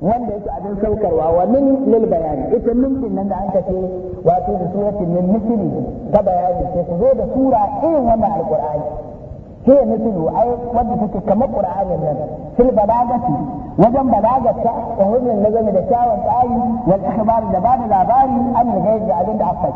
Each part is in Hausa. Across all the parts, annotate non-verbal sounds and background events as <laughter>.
wanda yake abin saukarwa wa min lil bayani ita min nan da an kace wato da surati min misli ta bayani sai ku zo da sura irin wannan alqur'ani ke mislu ai wanda take kamar qur'anin nan fil balagati wajen balagata wa na nazami da kyawun tsari wal ihbar da ba da labari an yadda abin da aka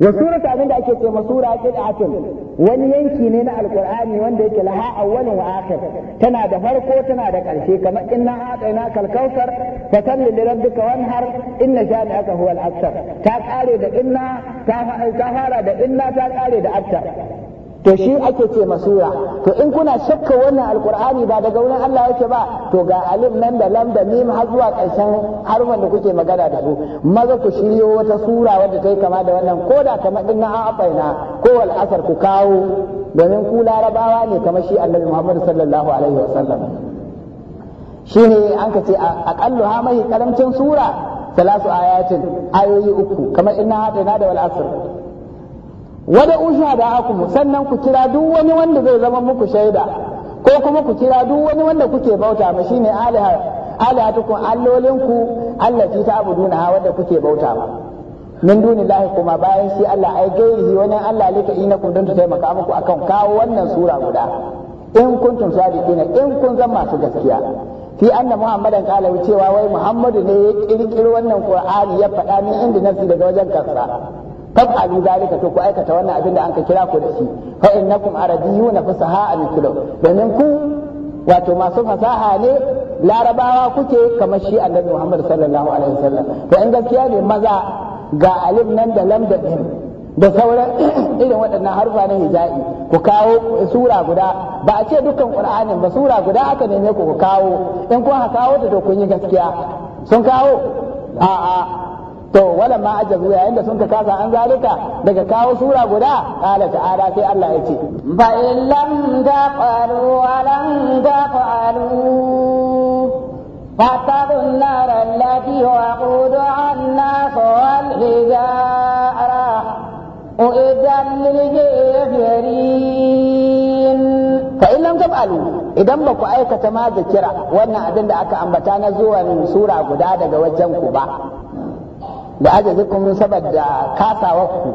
wa surata abinda ake ce ma sura bid'atun wani yanki ne na alqur'ani wanda yake laha awwalun wa akhir tana da farko tana da karshe kamar inna a'tayna kal kautsar fa har, li rabbika wanhar inna shani'aka huwal abtar ta kare da inna ta fara da inna ta kare da abtar to shi ake ce masura to in kuna shakka wannan alkur'ani ba daga wurin Allah yake ba to ga alim nan da lam da mim har zuwa ƙarshen harfan da kuke magana da su maza ku shiryo wata sura wadda ta yi kama da wannan ko da kamar din na afaina ko wal asar ku kawo domin ku larabawa ne kamar shi annabi Muhammad sallallahu alaihi wasallam ne an ka ce aqallu ha mai karamcin sura salasu ayatin ayoyi uku kamar inna hadaina da wal asr wada usha da akumu sannan ku kira duk wani wanda zai zama muku shaida ko kuma ku kira duk wani wanda kuke bauta ma shine alaha ta allolinku duna ta'buduna wanda kuke bauta ma min dunillahi kuma bayan shi Allah ai gairi wani Allah lika inakum don ta taimaka muku akan kawo wannan sura guda in kuntum sadiqina in kun zama masu gaskiya fi anna muhammadan kala cewa wai muhammadu ne ya kirkiro wannan qur'ani ya faɗa ni inda nafsi daga wajen kansa taf'alu zalika to ku aikata wannan abin da anka kira ku da shi fa innakum fasaha an domin ku wato masu fasaha ne larabawa kuke kamar shi annabi Muhammad sallallahu alaihi wasallam to in gaskiya ne maza ga alim nan da lam da da sauran <clears throat> irin waɗannan harfa na hija'i ku kawo sura guda ba a ce dukkan qur'anin ba sura guda aka neme ku ku kawo in kun ha kawo ta to kun yi gaskiya sun kawo a'a to wala ma ajabu yayin da sun ka kasa an zalika daga kawo sura guda qala ta'ala sai Allah ya ce Ba in lam taqalu wa lam taqalu فاتقوا النار التي وقودها الناس والحجارة أعدت للكافرين فإن لم تفعلوا idan ba ku aikata ma kira wannan abin da aka ambata na zuwan sura guda daga wajen ku ba da ajazikum saboda kasawarku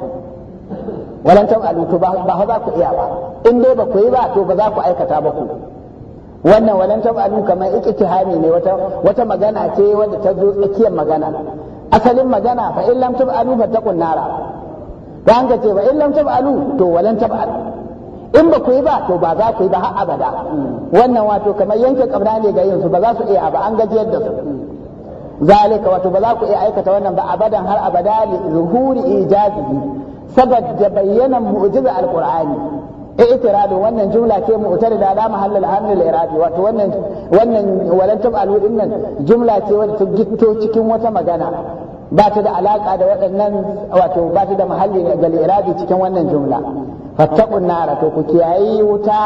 walan walantan alutu ba za ku iya ba in dai ba ku yi ba to ba za ku aikata ba ku wannan walantan alu kamar hami ne wata magana ce wadda ta zo tsakiyar magana asalin magana fa in lam tab'alu fattaqun nara Ba an ce ba in lam tab'alu to walan tab'alu in ba ku yi ba to ba za ku yi ba har abada wannan wato kamar yanke kabra ne ga yin su ba za su iya ba an gaji yadda su zalika wato baza ku iya aikata wannan ba abadan har abada li zuhuri ijazihi saboda bayyanan mu'jiza alqur'ani e, i'tiradu wannan jumla ce mu'tarida la mahalla al-haml al-iradi wato wannan wannan walan jumla ce wadda ta cikin wata magana ba ta da alaka da waɗannan wato ba da mahalli ga al cikin wannan jumla fattaku nara to ku kiyayi wuta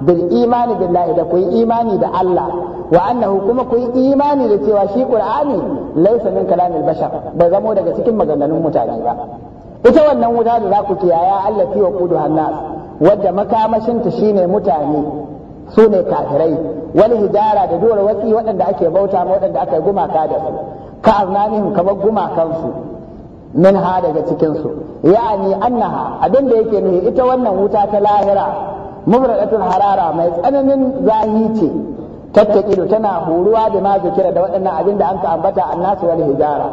bil imani billahi da ku yi imani da Allah wa annahu kuma ku yi imani da cewa shi qur'ani laysa min kalamil bashar bai zamo daga cikin maganganun mutane ba ita wannan wuta da za ku kiyaya Allah fi wa qudu hannas wadda makamashinta shine mutane su ne kafirai wani hijara da dole watsi waɗanda ake bauta ma waɗanda aka yi gumaka da su ka aznanihim kamar gumakansu min ha daga cikinsu ya'ani annaha abin da yake nuhi ita wannan wuta ta lahira mubradatul harara mai tsananin zahi ce tattakido tana horuwa da ma zikira da waɗannan abin da an ka ambata annasu wal hijara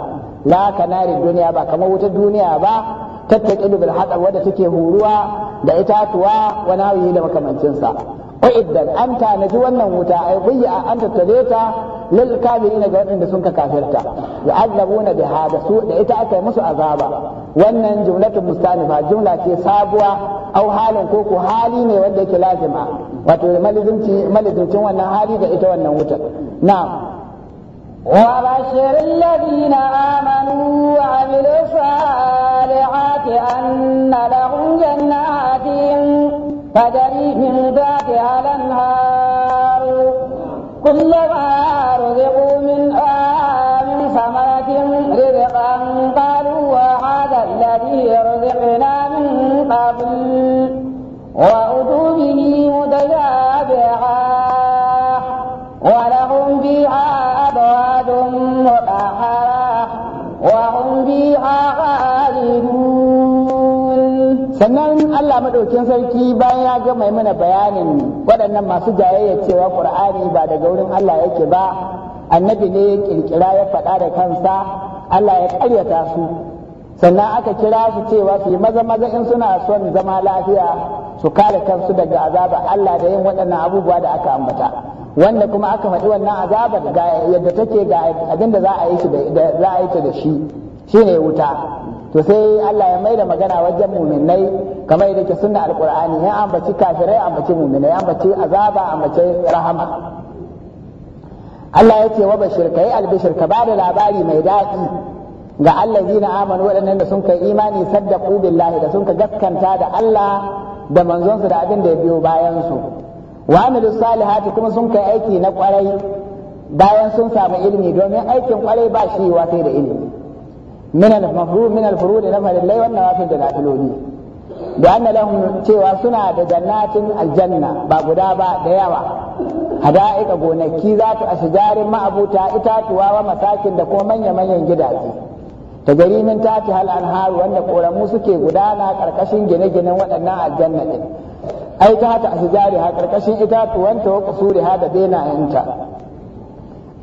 la kanari duniya ba kamar wutar duniya ba tattakido bil hadar wadda take horuwa da itatuwa wa nawi da makamancinsa idan an tanaji wannan wuta ay bayya an tattare ta lil kafirin ga waɗanda sun ka kafirta azabuna bi da su da ita aka yi musu azaba wannan jumlatun mustanifa jumla ce sabuwa au halin ko ko hali ne wanda yake lazima wato malizinci malizincin wannan hali da ita wannan wuta na وبشر الذين آمنوا وعملوا الصالحات أن لهم جنات تجري في الفاكهة الأنهار كلما رزقوا منها من ثمرة رزقا قالوا وهذا الذي رزقنا من قبل madaukin sarki bayan ya ga mai mana bayanin waɗannan masu jayayya cewa Qur'ani ba daga wurin Allah yake ba annabi ne ya kirkira ya faɗa da kansa Allah ya ƙaryata su sannan aka kira su cewa su yi maza maza in suna son zama lafiya su kare kansu daga azaba Allah da yin waɗannan abubuwa da aka ambata wanda kuma aka faɗi wannan azabar yadda take ga abin da za a yi da shi shine wuta to sai Allah ya mai da magana wajen muminai kamar yadda ke sunna alqur'ani ya ambaci kafirai ambaci muminai ambaci azaba ambaci rahama Allah ya ce wa bashir kai albishir ka bada labari mai daɗi ga na amanu waɗannan da sun kai imani saddaqu billahi da sun ka gaskanta da Allah da manzonsu da abin da ya biyo bayan su wa amilu salihati kuma sun kai aiki na kwarai bayan sun samu ilimi domin aikin kwarai ba shi wa sai da ilimi min al-mafruḍ na farillai wannan wafin da nafiloli da anna lahum cewa suna da jannatin aljanna ba guda ba da yawa hada'ika gonaki za ta asjarin ma'abuta itatuwa wa masakin da kuma manya manyan gidaje ta gari min hal anharu wanda koramu suke gudana karkashin gine-ginen waɗannan aljanna din ai ta ta asjari ha karkashin itatuwan ta wa qusuri ha da benayenta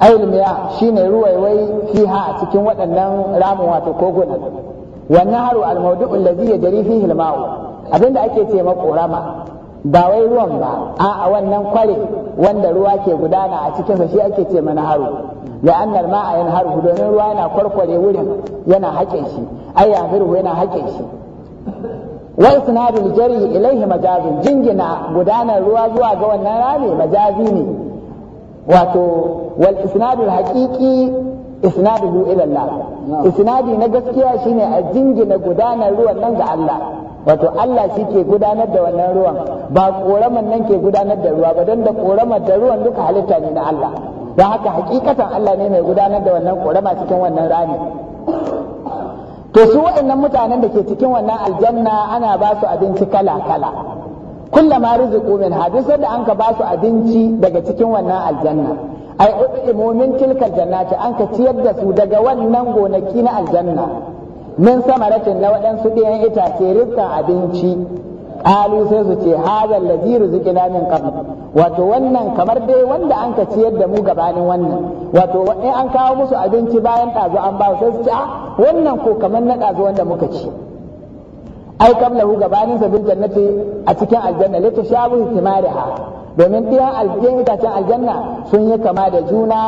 ailmiya shine ruwaiwai fiha a cikin waɗannan ramin wato koguna wannan haru almaudu allazi ya jari fihi alma'u abinda ake ce ma korama ba wai ruwan ba a a wannan kware wanda ruwa ke gudana a cikin shi ake ce mana haru da annal ma'a yan haru domin ruwa yana kwarkware wurin yana haƙe shi ai ya yana haƙe shi wa isnadul jari ilaihi majazun jingina gudanar ruwa zuwa ga wannan rami majazi ne wato wal isnadu haqiqi isnaduhu ila Allah isnadi na gaskiya shine a jingina gudanar ruwan nan ga Allah wato Allah shi ke gudanar da wannan ruwan ba koraman nan ke gudanar da ruwa ba don da koraman da ruwan duka halitta ne na Allah don haka hakikatan Allah ne mai gudanar da wannan korama cikin wannan rami to su waɗannan mutanen da ke cikin wannan aljanna ana ba su abinci kala kala kullama rizqu min hadisan da anka ba su abinci daga cikin wannan aljanna ai ud'imu min tilkal jannati anka ciyar da su daga wannan gonaki na aljanna min samaratin na waɗansu ɗayan itace rizqan abinci qalu sai su ce hadal allazi rizqina min qabl wato wannan kamar dai wanda anka ciyar da mu gabanin wannan wato in an kawo musu abinci bayan ɗazu an ba su sai su ce ah, wannan ko kamar na ɗazu wanda muka ci ai qablahu gabanin sa bil jannati a cikin aljanna lita shabu timariha domin ɗiyan aljanna itacen aljanna sun yi kama da juna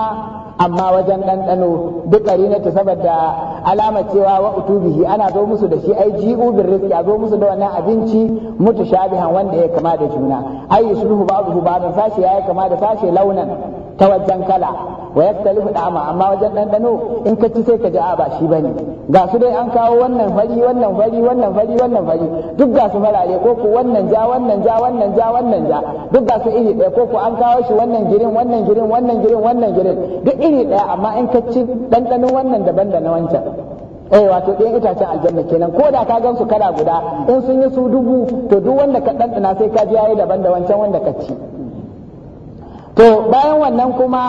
amma wajen ɗanɗano duk ta saboda alama cewa wa utubihi ana zo musu da shi ai ji'u bin rizqi a zo musu da wannan abinci mutu shabihan wanda ya kama da juna ai yusuhu ba'dahu ba'dan sashi ya kama da fashe launan ta wajen kala wa yaktalifu da'ama amma wajen ɗanɗano in ka ci sai ka ji a ba shi bane ga su dai an kawo wannan fari wannan fari wannan fari wannan fari duk ga su farare ko ku wannan ja wannan ja wannan ja wannan ja duk ga su iri ɗaya ko ku an kawo shi wannan girin wannan girin wannan girin wannan girin duk iri ɗaya amma in ka ci ɗanɗanon wannan daban da na wancan eh wato ɗayan itacen aljanna kenan ko da ka gan su kala guda in sun yi su dubu to duk wanda ka ɗanɗana sai ka ji yayi daban da wancan wanda ka ci to bayan wannan kuma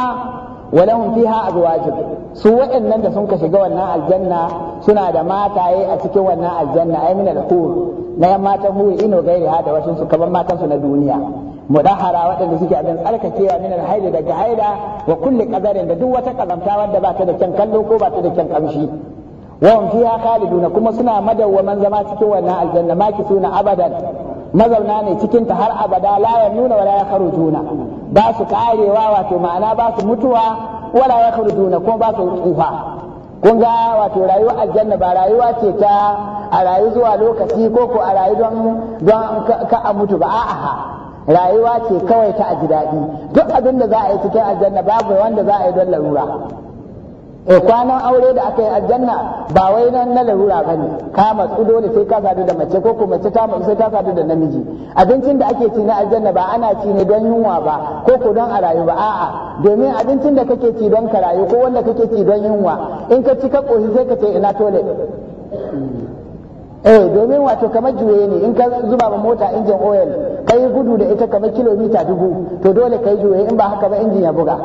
wa lahum fiha azwajun su waɗannan da sun ka shiga wannan aljanna suna da mataye a cikin wannan aljanna ay min al-hur na yan matan huri ino gairi ha da wasu su matansu na duniya mudahara waɗanda suke abin tsarkakewa min al daga haida wa kulli qadarin da duk wata kazamta wanda ba ta da kyan kallo ko ba ta da kyan kamshi wa hum fiha khaliduna kuma suna madawwaman zama cikin wannan aljanna maki suna abadan mazauna ne cikin ta har abada la ya nuna wala ya kharujuna ba su karewa wato ma'ana ba su mutuwa wala ya kharujuna ko ba su tsufa kun ga wato rayuwa aljanna ba rayuwa ce ta a rayu zuwa lokaci ko ko a rayu don don ka a mutu ba a'a rayuwa ce kawai ta aji daɗi duk abin da za a yi cikin aljanna babu wanda za a yi don larura e kwanan aure da aka yi aljanna ba wai nan na larura ba ne ka matsu dole sai ka sadu da mace ko kuma mace ta matsu sai ta sadu da namiji abincin da ake ci na aljanna ba ana ci ne don yunwa ba ko ko don a rayu ba a'a domin abincin da kake ci don ka rayu ko wanda kake ci don yunwa in ka ci ka koshi sai ka ce ina tole eh domin wato kamar juye ne in ka zuba ba mota injin oil kai gudu da ita kamar kilomita dubu to dole kai juye in ba haka ba injin ya buga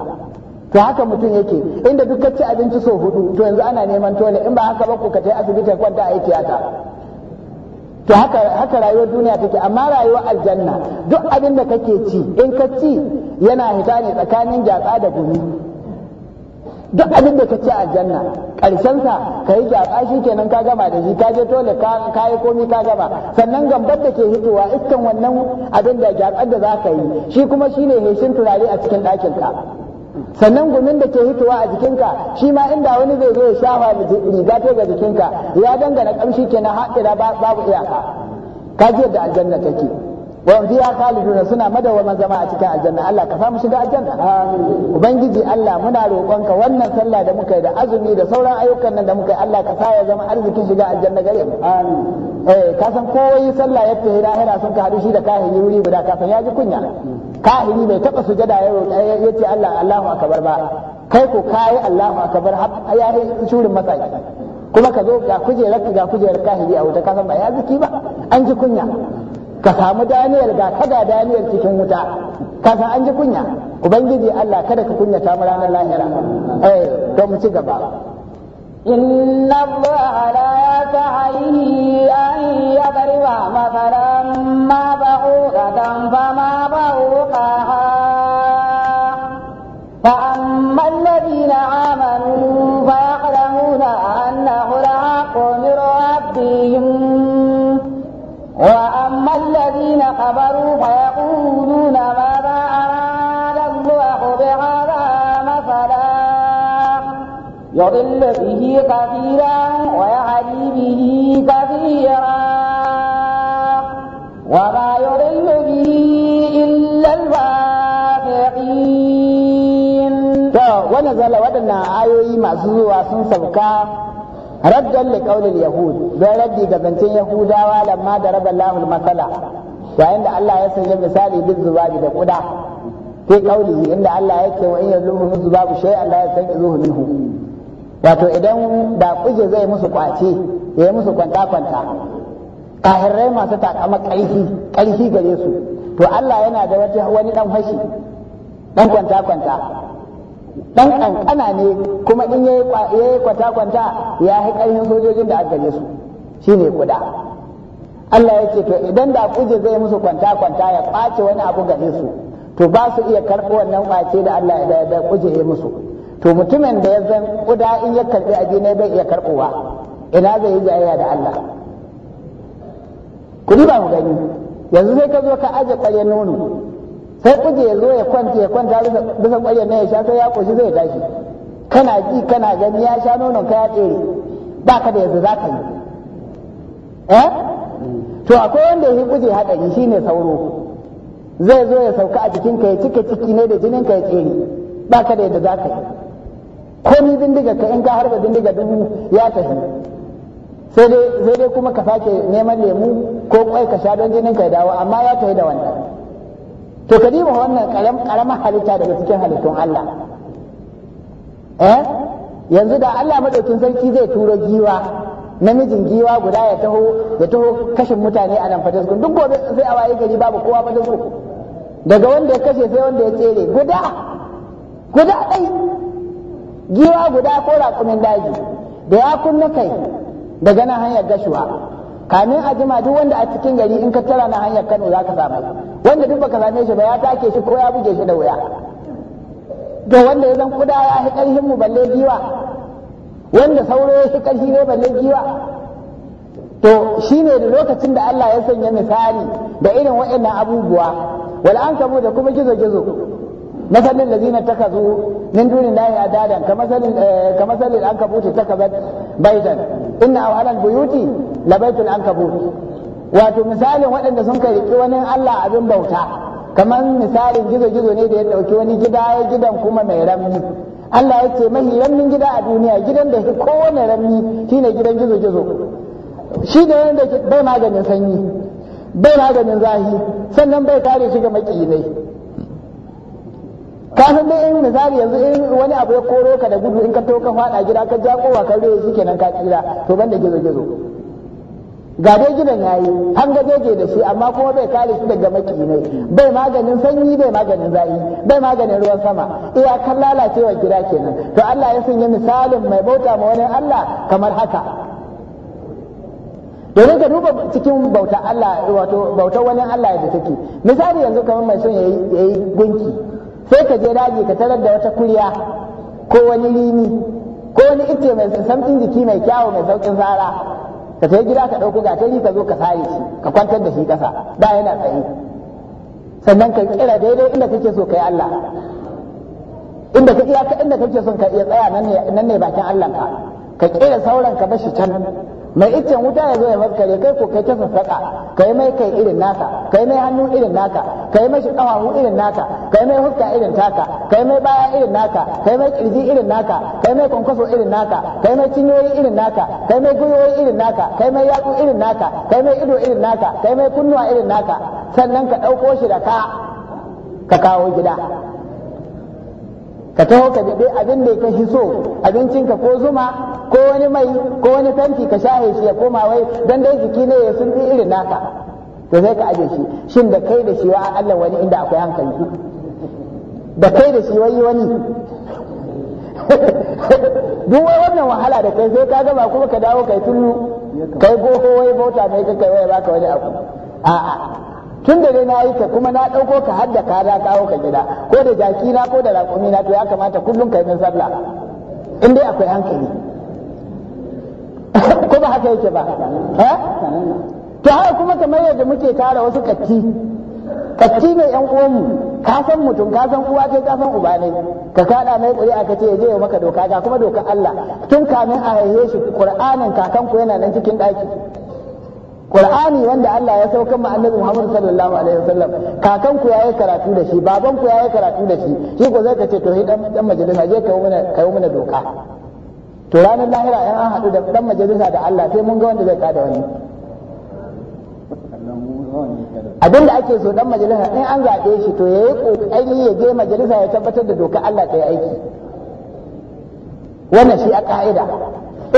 to haka mutum yake inda duk ci abinci so hudu to yanzu ana neman tole in ba haka ba ku ka tai asibiti kwanta a tiyata to haka haka rayuwar duniya take amma rayuwar aljanna duk abin da kake ci in ka ci yana hita ne tsakanin jatsa da gumi duk abin da ka ci aljanna karshen sa ka yi gyatsa shi kenan ka gama da shi ka je tole ka yi komi ka gama sannan gambar da ke hitowa iskan wannan abin da da za ka yi shi kuma shine heshin turare a cikin ɗakin ka sannan gumin da ke hitowa a jikinka shi ma inda wani zai zo ya shafa riga ta ga jikinka ya dangana kamshi kenan haɗira babu iyaka ka ji yadda aljanna take wa fi kalu suna madawwaman zama a cikin aljanna Allah ka mu shiga aljanna ubangiji Allah muna roƙonka wannan sallah da muka yi da azumi da sauran ayyukan nan da muka yi Allah ka sa ya zama arzikin shiga aljanna gare mu eh ka san koyi sallah ya tafi lahira sun ka hadu shi da kahiri wuri guda ka san ya ji kunya kahiri bai taba sujada ya roƙa ya Allah Allahu akbar ba kai ko kai Allahu akbar ya yi shurin masaki kuma ka zo ga kujerar ga kujerar kahiri a wuta ka san ba ya ziki ba an ji kunya ka samu daniyar ga kaga daniyar cikin wuta ka san an ji kunya ubangiji Allah kada ka kunyata mu ranar lahira eh to mu ci gaba inna allaha la yatahi an yadriba mathalan ma ba'udatan fama يضل به كثيرا ويعلي به كثيرا وما يضل به إلا الواثقين وانا زال ودنا آيوي معزوة سنسبكا ردا لقول اليهود ده ردي جبنتين يهودا ولما ضرب الله المثل وعند الله يسجل مثالي بالذباب ده قدا في قوله إن الله يكي وإن يظلمه الذباب شيئا لا يستنقذوه منه wato idan da kuje zai musu kwace ya yi musu kwanta kwanta kahirrai masu takama ƙarfi ƙarfi gare su to Allah yana da wata wani dan fashi dan kwanta kwanta dan kankana ne kuma in yayi yayi kwanta kwanta ya yi ƙarfin sojojin da aka su shine kuda Allah yake to idan da kuje zai musu kwanta kwanta ya kwace wani abu gare su to ba su iya karɓo wannan kwace da Allah ya da kuje ya musu to mutumin da ya zan kuda in ya karbi aji ne bai iya karbowa ina zai yi jayayya da Allah kudi ba mu gani yanzu sai ka zo ka aje ƙwarya nono sai kuje ya zo ya kwanta ya kwanta bisa ƙwarya na ya sha sai ya koshi zai tashi kana ji kana gani ya sha nonon ka ya tsere ba ka da yanzu za ka yi eh to akwai wanda ya kuje haɗari ne sauro zai zo ya sauka a cikin ka ya cika ciki ne da jinin ka ya tsere ba ka da yanzu za ka yi komi bindiga ka in ka harba bindiga dubu ya tafi sai dai sai dai kuma ka sake neman lemu ko kwai ka sha don jinin ka dawo amma ya tafi da wannan to ka diba wannan karam karamar halitta daga cikin halittun Allah eh yanzu da Allah madaukin sarki zai turo giwa namijin giwa guda ya taho ya taho kashin mutane a nan fataskun duk gobe sai a waye gari babu kowa fataskun daga wanda ya kashe sai wanda ya tsere guda guda ɗai giwa guda ko raƙumin daji da ya kunna kai daga nan hanyar gashuwa kamin a jima duk wanda a cikin gari in ka tara na hanyar kano za ka samu wanda duk baka same shi ba ya take shi ko ya buge shi da wuya to wanda ya zan kuda ya fi ƙarfin mu balle giwa wanda sauro ya fi ƙarfi ne balle giwa to shi ne da lokacin da Allah ya sanya misali da irin waɗannan abubuwa wal an da kuma gizo gizo مثل الذين اتخذوا من دون الله أدادا كمثل كمثل العنكبوت اتخذت بيتا إن أوهل البيوت لبيت العنكبوت wato misalin waɗanda sun kai wani Allah abin bauta kamar misalin gizo-gizo ne da ya ɗauki wani gida ya gidan kuma mai rami. Allah ya ce mahi ramnin gida a duniya gidan da kowane ramni shine gidan gizo-gizo shi da wanda bai maganin sanyi bai maganin zahi sannan bai kare shi ga maƙiyinai ka san dai in misali yanzu in wani abu ya koro ka da gudu in ka to ka fada gida ka ja kowa ka rewe shi kenan ka kira. to banda gizo gizo ga dai gidan yayi an ga gajeje da shi amma kuma bai kare shi daga maki ne bai maganin sanyi bai maganin zayi. bai maganin ruwan sama kan lalacewa gida kenan to Allah ya sanya misalin mai bauta ma wani Allah kamar haka domin ka duba cikin bauta Allah wato bautar wani Allah da take misali yanzu kamar mai son yayi gunki sai ka je daji ka tarar da wata kuriya ko wani rini ko wani ite mai sassamcin jiki mai kyawu mai saukin tsara ka yi gida ka ɗauko gatari ka zo ka sare shi ka kwantar da shi ƙasa da yana tsaye sannan ka kira daidai inda kake so ka yi Allah inda ka iya inda kake so ka iya tsaya nan ne nan ne bakin Allah ka ka kira sauran ka bashi can mai iccen wuta ya zo ya maskare kai ko kai ta sassaƙa kai mai kai irin naka kai mai hannu irin naka kai mai mu irin naka kai mai huska irin taka kai mai baya irin naka kai mai kirji irin naka kai mai kwankwaso irin naka kai mai cinyoyi irin naka kai mai gwiwoyi irin naka kai mai yatsu irin naka kai mai ido irin naka kai mai kunnuwa irin naka sannan ka ɗauko shi da ka ka kawo gida ka taho ka jibe abin da ya kashi so abincinka ko zuma ko wani mai ko wani fenti ka shahe shi ya koma wai dan dai jiki ne ya sun irin naka to sai ka aje shi shin da kai da shi wa Allah wani inda akwai hankali da kai da shi wai wani <laughs> duk wai wannan wahala da kai sai ka gama kuma ka dawo kai tullu kai goho wai bauta mai kai wai baka wani abu a'a tun da dai na yi ka kuma na ɗauko ka har da ka da kawo ka gida ko da jaki na ko da raƙumi na to ya kamata kullum ka yi min sallah in dai akwai hankali <laughs> ko ba haka yake ba to haka kuma kamar yadda muke tara wasu katti katti ne yan uwanmu ka san mutum ka san uwa ce ka san uba ne ka kada mai ƙuri'a ka ce ya je maka doka ga kuma doka Allah tun kamin a haihe shi Qur'anin kakanku yana nan cikin daki Qur'ani wanda Allah ya sauka ma Annabi Muhammad sallallahu alaihi wasallam kakan ku yayi karatu da shi baban ku yayi karatu da shi shi ko zai ka ce to hidan dan majalisa je yi mana yi mana doka to ranar lahira yan an haɗu da ɗan majalisa da Allah sai mun ga wanda zai kada wani abinda ake so ɗan majalisa in an zaɓe shi to ya yi ƙoƙari ya je majalisa ya tabbatar da doka Allah ta yi aiki wannan shi a ƙa'ida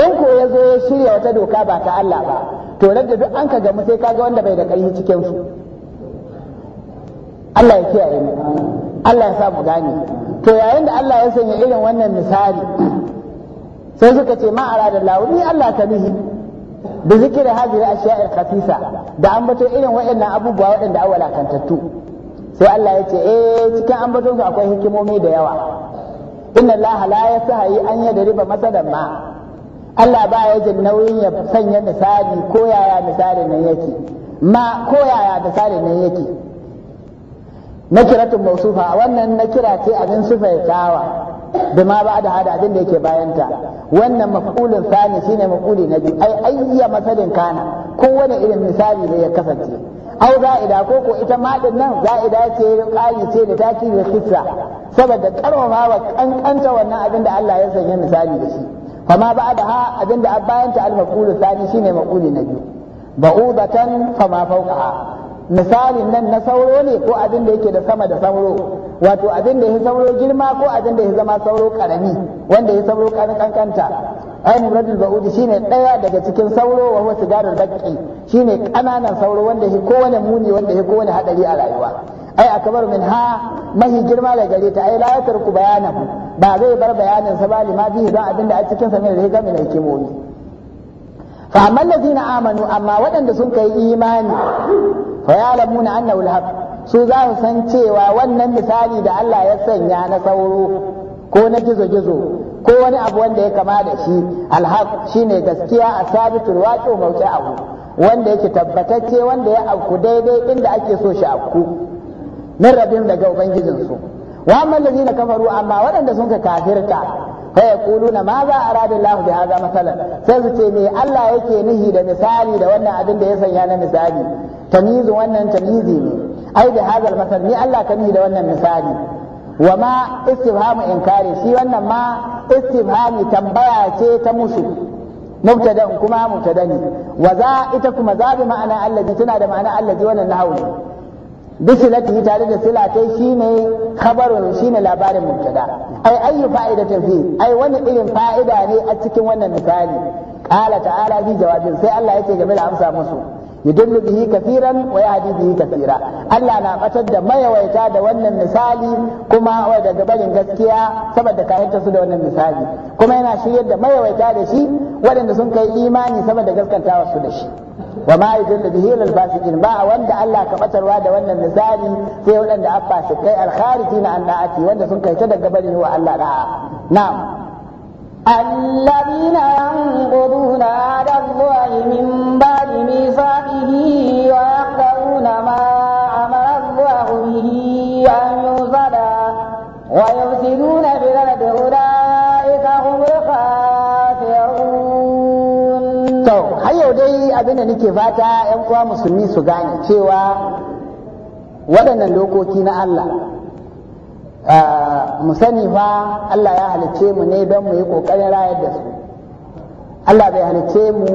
in ko ya zo ya shirya wata doka ba ta Allah ba to da duk an ka gamu sai kaga wanda bai da ƙarfi cikin su Allah ya kiyaye mu Allah ya sa mu gane to yayin da Allah ya sanya irin wannan misali sai suka ce ma da Allah ni Allah ta nihi da zikira hajiri ashiya'ir khafisa da ambaton irin waɗannan abubuwa waɗanda awala kantattu sai Allah ya ce eh cikin ambaton su akwai hikimomi da yawa inna Allah la yasahi an yadriba masadan ma Allah ba ya jin nauyin ya sanya misali ko yaya misali nan yake ma ko yaya misali nan yake nakiratun mausufa wannan nakira ce abin sufaitawa da ma ba da hada abin da yake bayanta wannan maf'ulun sani shine maf'uli na biyu ai ayya masalin kana wani irin misali ne ya kasance au za'ida ko ko ita ma din nan za'ida ce ƙari ce da taki da kissa saboda karmama wa kankanta wannan abin da Allah ya sanya misali da shi fama ba da ha abin da bayan al-maf'ulu sani shine maf'uli na biyu ba'udatan fama fawqa misalin nan na sauro ne ko abin da yake da sama da sauro wato abin da ya sauro girma ko abin da ya zama sauro karami wanda ya sauro kankanta ai muradul ba'udi shine daya daga cikin sauro wa huwa baki baqi shine kananan sauro wanda ya kowane muni wanda ya kowane hadari a rayuwa ai akbar min ha mahi girma da gare ta ai la yatarku bayanan ba zai bar bayanin sa ba limafi bihi don abin da a cikin sa ne da ya mai fa amma allazina amanu amma waɗanda sun kai imani fa ya'lamuna annahu su za su san cewa wannan misali da Allah ya sanya na sauro ko na gizo-gizo ko wani abu wanda ya kama da shi alhaq shine gaskiya a sabitul waqi'u mawqi'ahu wanda yake tabbatacce wanda ya auku daidai inda ake so shi auku min rabin daga ubangijinsu wa amma allazina kafaru amma waɗanda sun ka kafirta fa yaquluna ma za arada Allah bi hadha masalan sai su ce me Allah yake nuhi da misali da wannan abin da ya sanya na misali tamizu wannan tamizi ne ai da hadha masal ni Allah ka nuhi da wannan misali wa ma istifhamu inkari shi wannan ma istifhami tambaya ce ta musu mubtada kuma mubtada ne wa za ita kuma za bi ma'ana allazi tana da ma'ana allazi wannan nahwu bisilati tare da silatai shine khabarun shine labarin mubtada ai fa'ida ta fi ai wani irin fa'ida ne a cikin wannan misali qala ta'ala bi jawabin sai Allah yake game da amsa musu yudullu bihi kafiran wa yahdi bihi kafira Allah na batar da mayawaita da wannan misali kuma wa daga barin gaskiya saboda kayanta su da wannan misali kuma yana shiryar da mayawaita da shi waɗanda sun kai imani saboda gaskantawa su da shi wa ma yudillu bihi lil a ba wanda Allah ka batarwa da wannan misali sai waɗanda abba su kai al na an wanda sun kai ta daga bari wa Allah da'a na'am الذين ينقضون عهد الله من بعد ميثاقه ويقطعون ما امر الله به ان يوصل ويفسدون في الارض har yau dai abinda nake fata yan uwa musulmi su gane cewa waɗannan dokoki na Allah mu sani fa Allah ya halicce mu ne don mu yi ƙoƙarin rayar da su Allah bai halicce mu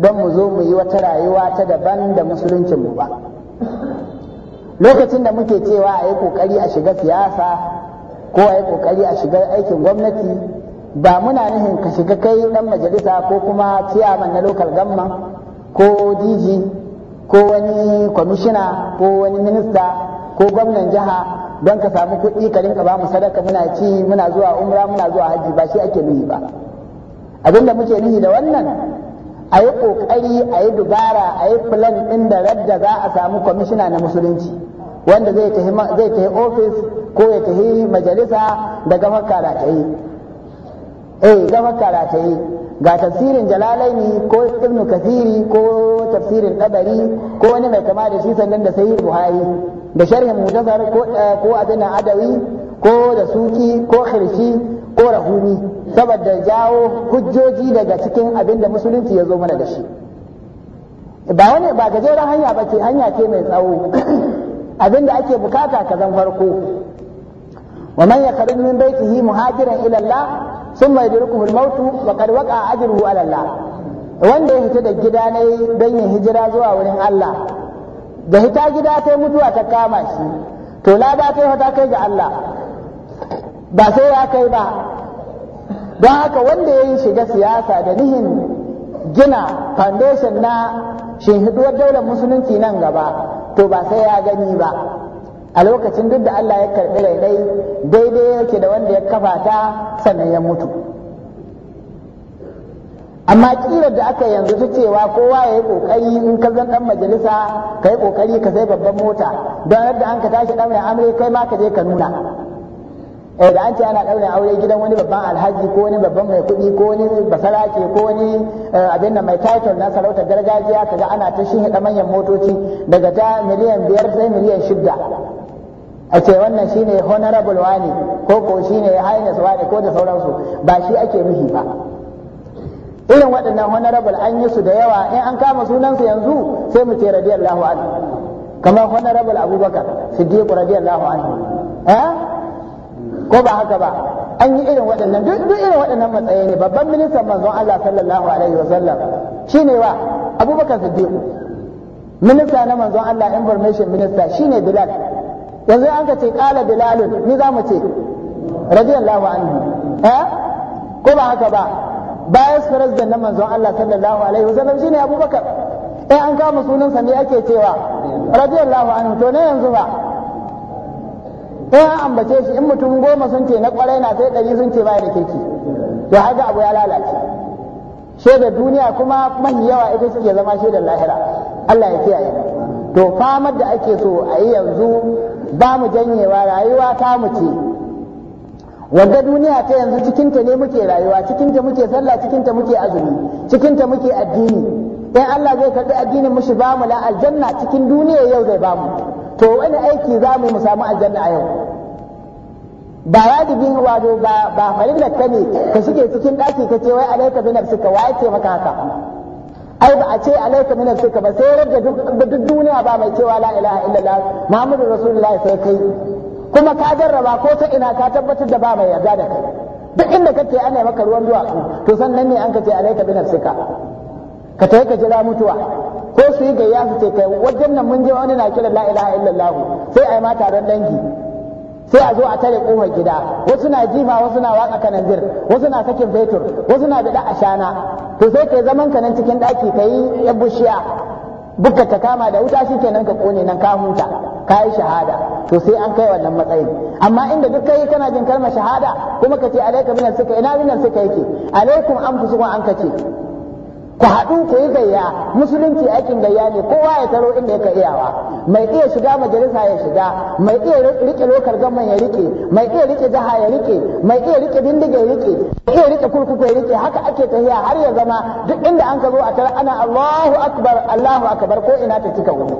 don mu zo mu yi wata rayuwa ta daban da musuluncin mu ba lokacin da muke cewa a yi ƙoƙari a shiga siyasa ko a yi ƙoƙari a shiga aikin gwamnati ba muna nufin ka shiga kai ɗan majalisa ko kuma ciyaman na lokal gamma ko DG ko wani kwamishina ko wani minista ko gwamnan jiha don ka samu kuɗi ka rinka ba mu sadaka muna ci muna zuwa umra muna zuwa hajji ba shi ake nuhi ba abin da muke nuhi da wannan a yi ƙoƙari a yi dubara a yi filan ɗin da radda za a samu kwamishina na musulunci wanda zai tafi ofis ko ya tafi majalisa daga makara ta eh zama yi ga tafsirin jalalaini ko ibnu kathiri ko tafsirin dabari ko wani mai kama da shi sannan da sahih buhari da sharhin mujazzar ko eh, ko adana adawi ko da suki ko khirshi ko rahumi saboda jawo hujjoji daga cikin abin da musulunci ya zo mana da shi ba wani ba gajeren hanya ba ce hanya ce mai tsawo <clears throat> abin da ake bukata ka zan farko wa man yakhrij min baitihi muhajiran ila Allah Sun mai al mautu wa qad a ajiru ala wanda ya fita da gida ne don yin hijira zuwa wurin Allah da hita gida sai mutuwa ta kama shi to lada ta ta kai ga Allah ba sai ya kai ba don haka wanda ya yi shiga siyasa da nihin gina foundation na da daular musulunci nan gaba to ba sai ya gani ba a lokacin duk da Allah ya karɓi rainai daidai yake da wanda ya kafa ta sannan ya mutu amma kirar da aka yanzu ta cewa kowa ya yi kokari in ka zan dan majalisa ka yi kokari ka sai babban mota don yadda an ka tashi ɗaurin amre kai ma ka je ka nuna eh, da an ce ana ɗaure aure gidan wani babban alhaji ko wani babban mai kuɗi ko wani basarake ko wani eh, abin da mai title na sarautar gargajiya kaga ana ta shi manyan motoci daga ta miliyan biyar sai miliyan shidda. a ce wannan shine honorable wani ko ko shine highness wani ko da sauransu ba shi ake nufi ba irin waɗannan honorable an yi su da yawa in an kama sunansu yanzu sai mu ce radiyallahu anhu kamar honorable abubakar siddiq radiyallahu anhu eh ko ba haka ba an yi irin waɗannan duk duk irin waɗannan matsayi ne babban ministan manzon Allah sallallahu alaihi wa sallam shine wa abubakar siddiq minista na manzon Allah information minister shine bilal yanzu an ka ce kala bilal ni za mu ce radiyallahu anhu eh ko ba haka ba bayan su da nan manzon Allah sallallahu alaihi wasallam shine Abubakar eh an kama sunan sa ne ake cewa radiyallahu anhu to ne yanzu ba eh an ambace shi in mutum goma sun ce na kwarai na sai ɗari sun ce ba da kike to haka abu ya lalace She da duniya kuma mahi yawa ita suke zama shaidar lahira Allah ya kiyaye to famar da ake so a yi yanzu ba mu janyewa rayuwa ta mu ce wanda duniya ta yanzu cikinta ne muke rayuwa cikinta muke sallah cikinta muke azumi cikinta muke addini in Allah zai karbi addinin mu shi ba mu la aljanna cikin duniya yau zai ba mu to wani aiki za mu mu samu aljanna a yau ba wajibin wado ba ba ka ne ka shige cikin daki ka ce wai alaika bi nafsika wai ce maka haka ai ba a ce alaika min ka ba sai rage duk duniya ba mai cewa la ilaha illallah muhammadu rasulullah sai kai kuma ka jarraba ko ta ina ka tabbatar da ba mai yarda da kai duk inda kake ana maka ruwan duwatsu to sannan ne an kace alaika min ka ka tafi ka jira mutuwa ko su yi gayya su ce kai wajen nan mun je wani na kira la ilaha illallah sai ai ma taron dangi sai a zo a tare kofar gida wasu na jima, wasu na watsa kananzir wasu na sakin fetur wasu na bida ashana to sai kai zaman ka nan cikin daki ka yi yan bushiya buka ta kama da wuta shi kenan ka kone nan ka huta ka yi shahada to sai an kai wannan matsayin amma inda duk kai kana jin kalmar shahada kuma ka ce alaikum minan suka ina minan suka yake alaikum anfusukum an kace ku haɗu ku yi gayya musulunci aikin gayya ne kowa ya taro inda yake iyawa mai iya shiga majalisa ya shiga mai iya rike lokar gaman ya rike mai iya rike jaha ya rike mai iya rike bindiga ya rike mai iya rike kurkuku ya rike haka ake tahiya har ya zama duk inda an ka zo a tara ana Allahu akbar Allahu akbar ko ina ta cika wuri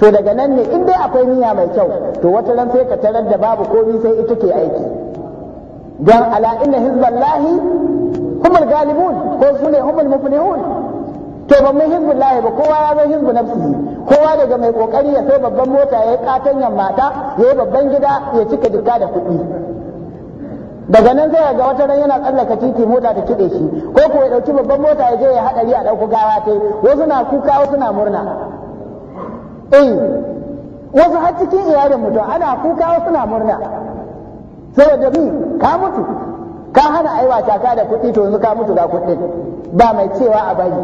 to daga nan ne in dai akwai niyya mai kyau to wata ran sai ka tarar da babu komai sai ita ke aiki don ala inna hizballahi هم galibun ko su ne المفلحون to ba mai hizbun lahi ba kowa ya zai hizbu nafsi kowa daga mai kokari ya sai babban mota ya yi katon mata ya yi babban gida ya cika jikka da kuɗi daga nan zai ga wata ran yana tsallaka titi mota ta kiɗe shi ko ko ya ɗauki babban mota ya je ya haɗari a ɗauko gawa ta wasu na kuka wasu na murna eh wasu har cikin iyalin mutum ana kuka wasu na murna saboda bi ka mutu ka hana aiwa caka da kuɗi to yanzu ka mutu ga kuɗin ba mai cewa a bari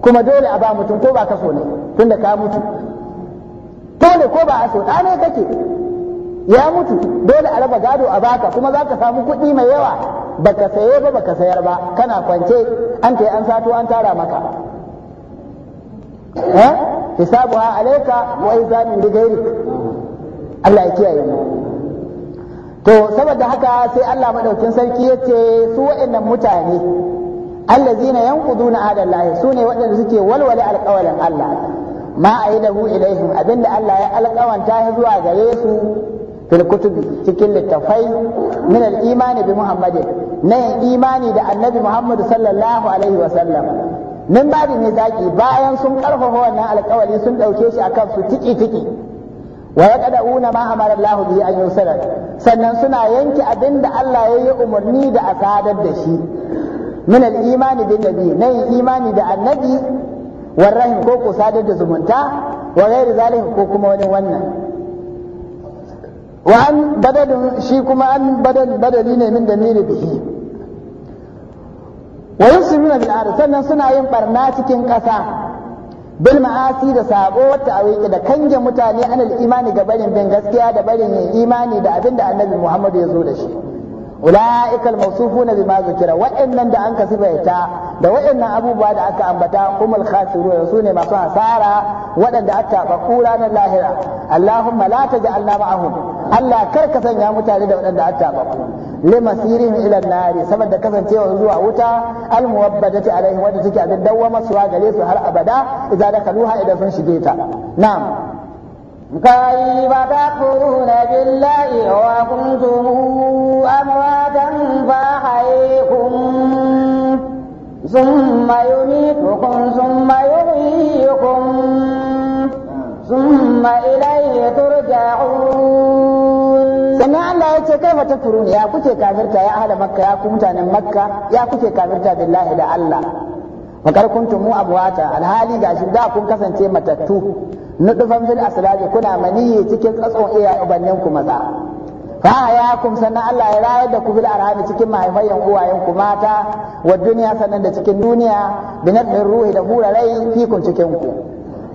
kuma dole a ba mutum ko ba ka so ne tunda ka mutu dole ko ba a so ɗa ne kake ya mutu dole a raba gado a baka kuma za ka samu kuɗi mai yawa baka saye ba baka sayar ba kana kwance an kai an sato an tara maka eh? hisabu ha alaika wa izamin bi Allah ya kiyaye mu to saboda haka sai Allah madaukin sarki ya ce su waɗannan mutane allazina yanquduna adallahi sune waɗanda suke walwale alƙawalin Allah ma aidahu ilaihim abinda Allah ya alƙawanta ya zuwa gare su fil kutubi cikin littafai min al-imani bi muhammadin na imani da annabi muhammad sallallahu alaihi wa sallam min babu ne zaki bayan sun karfafa wannan alƙawari sun dauke shi akan su tiki tiki wa ya una ma amara Allah bihi an yusara sannan suna yanke abinda Allah ya yi umarni da a sadar da shi min al-imani bin nabi na yin imani da annabi war rahim ko ko sadar da zumunta wa ghairi zalika ko kuma wani wannan wa an badalun shi kuma an badal badali ne min damiri bihi wa yusmina bil sannan suna yin barna cikin ƙasa bil ma'asi da sabo wata awiki da kange mutane anal imani ga barin bin gaskiya da barin yin imani da abin da annabi Muhammad ya zo da shi ula'ika al-mawsufuna bima zukira wa'annan da an kasibaita da wa'annan abubuwa da aka ambata humul khasirun su ne masu hasara waɗanda aka baku ranar lahira allahumma la taj'alna ma'ahum allah kar ka sanya mutane da waɗanda aka baku limasirihim ila nari saboda kasancewa zuwa wuta almuwabbadati alaihim wadda take abin dawwama suwa gare su har abada idan dakaluha idan sun shige ta na'am كيف تكفرون بالله وكنتم أمواتا فأحييكم ثم يميتكم ثم يحييكم ثم إليه ترجعون sannan Allah ya ce kai mata ya kuke kafirta ya ahla makka ya ku mutanen makka ya kuke kafirta billahi da Allah fakar kuntum mu abwata alhali shi da kun kasance matattu dufan fil asrari kuna maniyi cikin tsatson iya ubannin ku maza fa ya kum sannan Allah ya rayar da ku bil arhami cikin mahaifayen uwayen ku mata wa duniya sannan da cikin duniya binadin ruhi da hurarai fikun cikin ku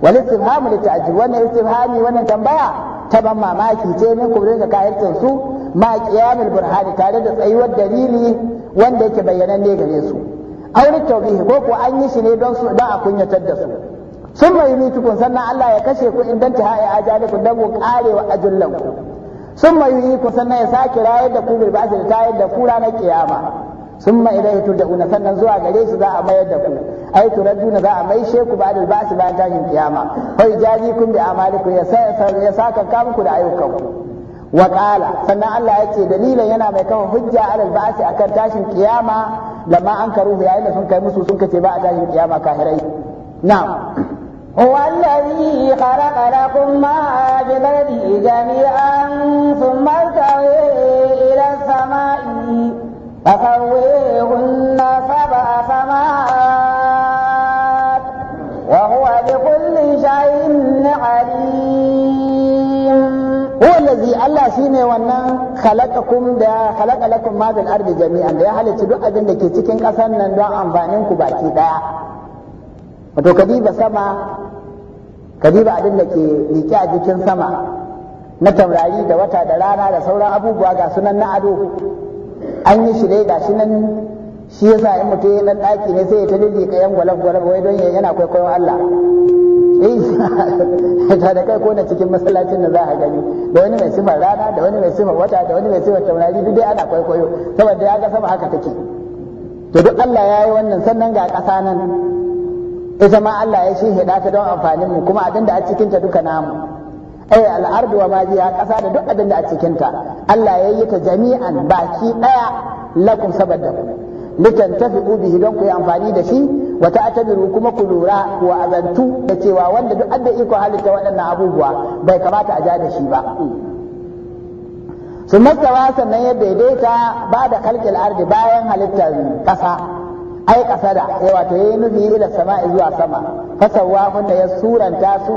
wal istifhamu lita'ajjil wannan istifhami wannan tambaya ta ban mamaki ce min ku rinka kayarcin su ma qiyamul burhani tare da tsayuwar dalili wanda yake ne gare su aure tawbihi ko ko an yi shi ne don su don a kunyatar da su sun mai mitukun sannan Allah ya kashe ku in danta ya ajalikum dan ku karewa ajullan ku sun mai yi ku sannan ya sake rayar da ku bil ba'd da tayar da ku ranar kiyama sun ma da una sannan zuwa gare shi za a mayar da ku ai na za a maishe ku ba'd al-ba'si bayan tashin kiyama fa kun bi amalikum ya sa ya saka kamku da wa sannan Allah ya ce dalilan yana mai kama hujja alal a kan tashin ƙiyama, lamma an karuhu yayin da sun kai musu sun kace ba a tashin kiyama kahirai na'am هو الذي خلق لكم ما في الأرض جميعا ثم استوى إلى السماء فسويهن سبع سماوات وهو بكل شيء عليم Allah shi ne wannan khalaqakum da khalaqa lakum ma bil ardi jami'an da ya halicci duk abin da ke cikin ƙasar nan don amfanin ku baki daya wato kadiba sama kadiba abin da ke rike a jikin sama na taurari da wata da rana da sauran abubuwa ga sunan na ado an yi shirye ga shi nan shi yasa in mutum ya dan ɗaki ne sai ya ta lulluƙa yan gwalab gwalab wai don yana kwaikwayon Allah eh <laughs> ta da kai ko na cikin masallacin da za a gani da wani mai sifar rana da wani mai sifar wata da wani mai sifar taurari duk dai ana kwaikwayo saboda ya ga sama haka take to duk Allah ya yi wannan sannan ga ƙasa nan ita ma Allah ya shehida ta don amfanin mu kuma abin a cikin ta duka namu ai eh, al'ardu wa ma a ƙasa da duk abin a cikin ta Allah ya yi ta jami'an baki daya lakum saboda litantafi'u bihi don ku yi amfani da shi wa ta'tabiru kuma ku lura wa azantu da cewa wanda duk adda iko halitta waɗannan abubuwa bai kamata a ja da shi ba sun mastawa sannan ya daidaita ba da kalkil ardi bayan halittar kasa ai kasa da ya eh, wato ya nufi ila sama zuwa sama fasawa hunna ya suranta su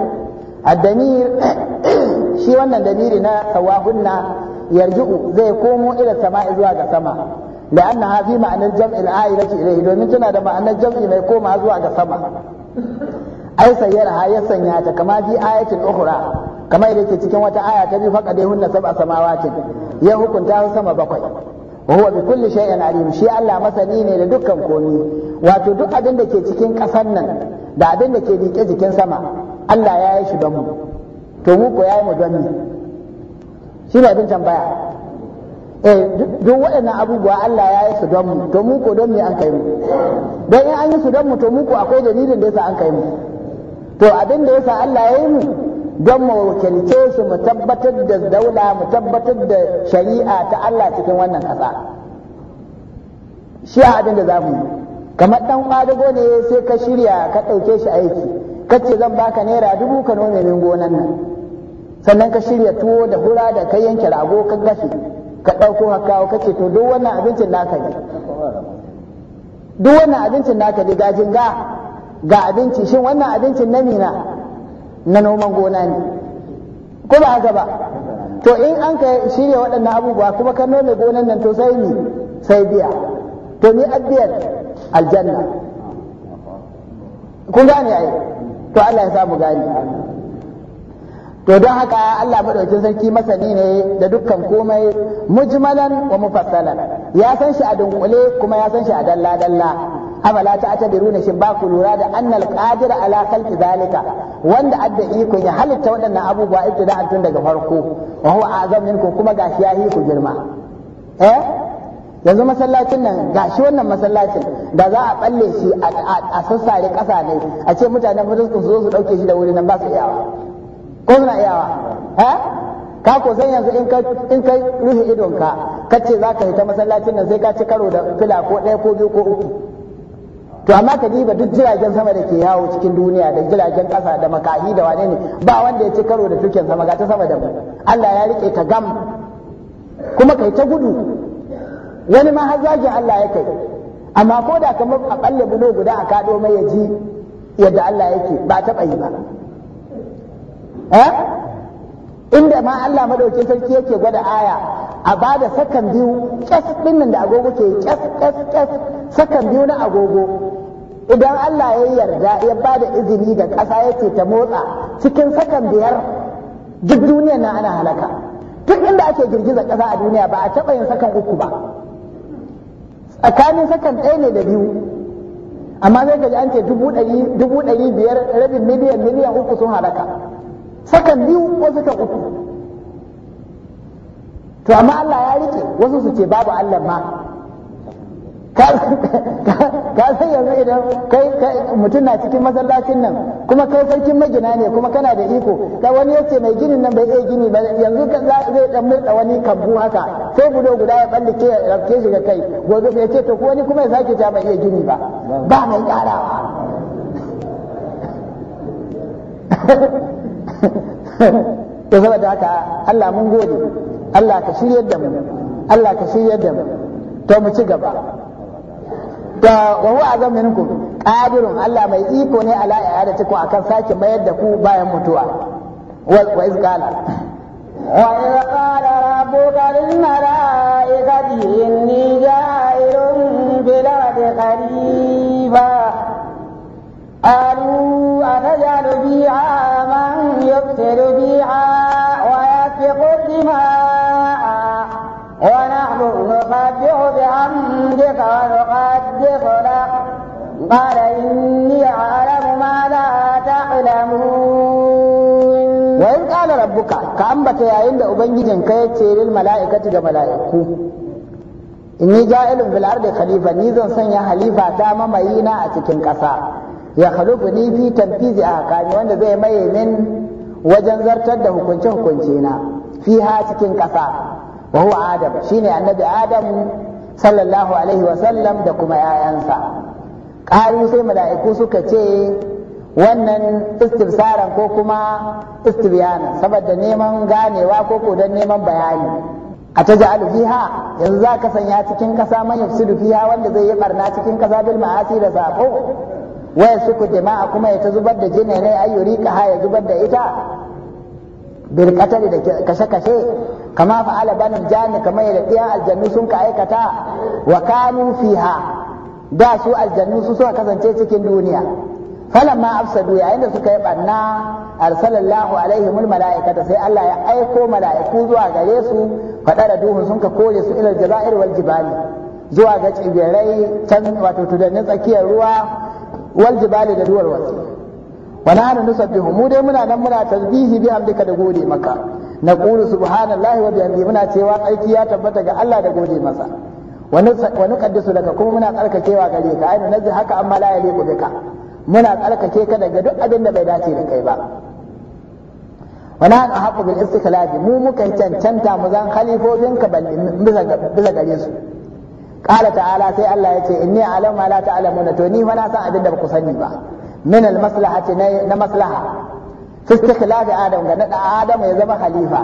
addamir shi wannan damiri na sawahunna yarji'u zai komo ila sama zuwa ga sama لأنها في معنى الجمع العائلة إليه دومين تنا ده معنى الجمع ما يكون zuwa ga sama. ai sayyarha ya sanya ta kama fi ayatin ukhra kama yadda ke cikin wata aya ta biyu faqad hunna sab'a samawatin ya hukunta su sama bakwai wa huwa bi kulli shay'in alim shi Allah masani ne da dukkan komi wato duk abinda ke cikin kasan nan da abinda ke rike jikin sama Allah ya yi shi don mu to mu ko yayi mu don mu shi ne abin tambaya eh duk waɗannan abubuwa Allah ya yi su don mu to mu ko don me an kai mu don in an yi su don mu to mu ko akwai dalilin da yasa an kai mu to abin da yasa Allah ya yi mu don mu wakilce su mu tabbatar da daula mu tabbatar da shari'a ta Allah cikin wannan kasa. shi abin da za mu yi kamar dan ƙwadago ne sai ka shirya ka ɗauke shi aiki kace zan baka naira dubu ka nome min gonan nan sannan ka shirya tuwo da hura da kai yanke rago ka gashi ka ɗauko ka ce, kace to duk wannan abincin naka ne duk wannan abincin naka ne gajin ga ga abinci shin wannan abincin na mina na noman gona ne ko ba haka ba to in an ka shirya waɗannan abubuwa kuma ka nome gonan nan to sai ni sai biya to ni abbiyar aljanna kun gane ai to Allah ya samu gani to don haka Allah madaukin sarki masani ne da dukkan komai mujmalan wa mufassalan ya san shi a dunkule kuma ya san shi a dalla dalla afala ta atabiru shin ba ku lura da annal qadir ala khalqi zalika wanda adda iko ya halitta waɗannan abubuwa ibtida'an tun daga farko wa huwa azam minkum kuma gashi yi ku girma eh yanzu masallacin nan gashi wannan masallacin da za a balle shi a sassare kasa ne a ce mutanen mutum su zo su dauke shi da wuri nan ba su iyawa ko suna iyawa ha ka ko san yanzu in kai in ka rufe idonka kace za ka ta masallacin nan sai ka ci karo da fila ko ɗaya ko biyu ko uku to amma ka diba duk jiragen sama da ke yawo cikin duniya da jiragen ƙasa da makahi da wane ne ba wanda ya ci karo da tuken sama ga ta sama da mu Allah ya rike ta gam kuma kai ta gudu wani ma har Allah ya kai amma ko da kamar a balle bulo guda a kado mai yaji yadda Allah yake ba taɓa yi ba Eh? inda ma Allah madaukin sarki yake gwada aya a bada da sakan biyu kyas nan da agogo ke kyas kyas kyas sakan biyu na agogo idan Allah ya yarda ya bada izini ga ƙasa yake ta motsa cikin sakan biyar duk duniya na ana halaka duk inda ake girgiza ƙasa a duniya ba a taɓa yin sakan uku ba tsakanin sakan ɗaya ne da biyu amma zai gaji an ce dubu ɗari biyar rabin miliyan miliyan uku sun halaka sakan biyu wasu ta uku to amma Allah ya rike wasu su ce babu Allah ma ka san yanzu idan kai mutum na cikin masallacin nan kuma kai sarkin magina ne kuma kana da iko da wani yace mai ginin nan bai iya gini ba yanzu ka zai dan murda wani kambu haka sai budo guda ya ballike ya rafke shi ga kai gobe sai ce to ko wani kuma ya sake ta bai iya gini ba ba mai karawa <laughs> to saboda haka Allah mun gode Allah ka shiryar da mu Allah ka shiryar da mu to mu ci gaba da wa huwa azam minkum qadirun Allah mai iko ne ala ku akan sake mayar da ku bayan mutuwa wa iz qala wa iz qala rabbuka lil malaikati inni ja'ilun bil ardi qariba قالوا أتجعل فيها من يبصر بها ويسفك دماء ونحن نسبح بحمدك ونقدس لك قال إني أعلم ما لا تعلمون وإن قال ربك كأنبت يا أبنجد khalifa ni zan sanya halifa ta mamayi na a cikin ƙasa ya khalufu ni fi tanfizi a hakami wanda zai maye min wajen zartar da hukunce hukunce na fiha cikin ƙasa wa huwa adam shine annabi adam sallallahu alaihi wasallam da kuma 'ya'yansa ƙari sai mala'iku suka ce wannan istirsaran ko kuma istibiyana saboda neman ganewa ko kodan neman bayani a ta ja'alu fiha yanzu za ka sanya cikin ƙasa man yufsidu fiha wanda zai yi barna cikin ƙasa bil ma'asi da sako waya suku jama'a kuma ya ta zubar da jini ne ayyuri ka ya zubar da ita Birkatar da kashe kashe kama fa ala banil jani kama ya ɗiyan aljannu sun ka aikata wa kanu fiha da su aljannu su suka kasance cikin duniya falamma afsadu yayin da suka yi banna arsalallahu alaihimul mala'ikata sai Allah ya aiko mala'iku zuwa gare su fadara duhun sun ka kore su ilal jaba'ir wal jibali zuwa ga tsibirai can wato tudannin tsakiyar ruwa wal jibali da duwar wasu wa nahnu nusabbihu mu dai muna nan muna tasbihi bi hamdika da gode maka na qulu subhanallahi wa bihamdihi muna cewa aiki ya tabbata ga Allah da gode masa wa nuqaddisu laka kuma muna tsarkakewa gare ka ainu nazi haka amma la yaliqu bika muna tsarkake ka daga duk abin da bai dace da kai ba wa nahnu haqqu bil istiklafi mu muka cancanta mu zan ka ban bisa gare su qala ta'ala sai Allah ya ce inni alam ma la ta'lamuna to ni fa na san abin da ba ku sani ba min al maslahati na maslaha fi Adamu, adam ga nada adam ya zama khalifa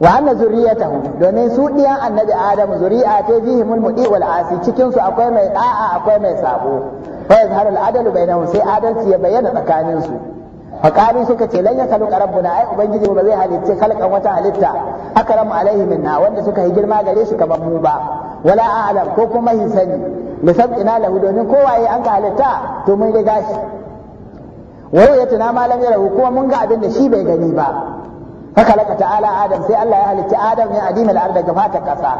wa anna zurriyatahu domin su diyan annabi adam zuri'a ta fihimul mudi wal asi cikin su akwai mai da'a akwai mai sabo fa yazharul adalu bainahum sai adalci ya bayyana tsakanin su faƙari suka ce lan yakalu rabbuna ai ubangiji ba zai halitta halkan wata halitta akramu alaihi minna wanda suka yi girma gare shi kamar mu ba wala a'lam ko kuma hi sani da sab'ina lahu domin kowaye an ka halitta to mun riga shi wa tuna malam ya yarahu kuma mun ga abin da shi bai gani ba haka laka ta'ala adam sai Allah ya halitta adam ne adimal ar da fatar kasa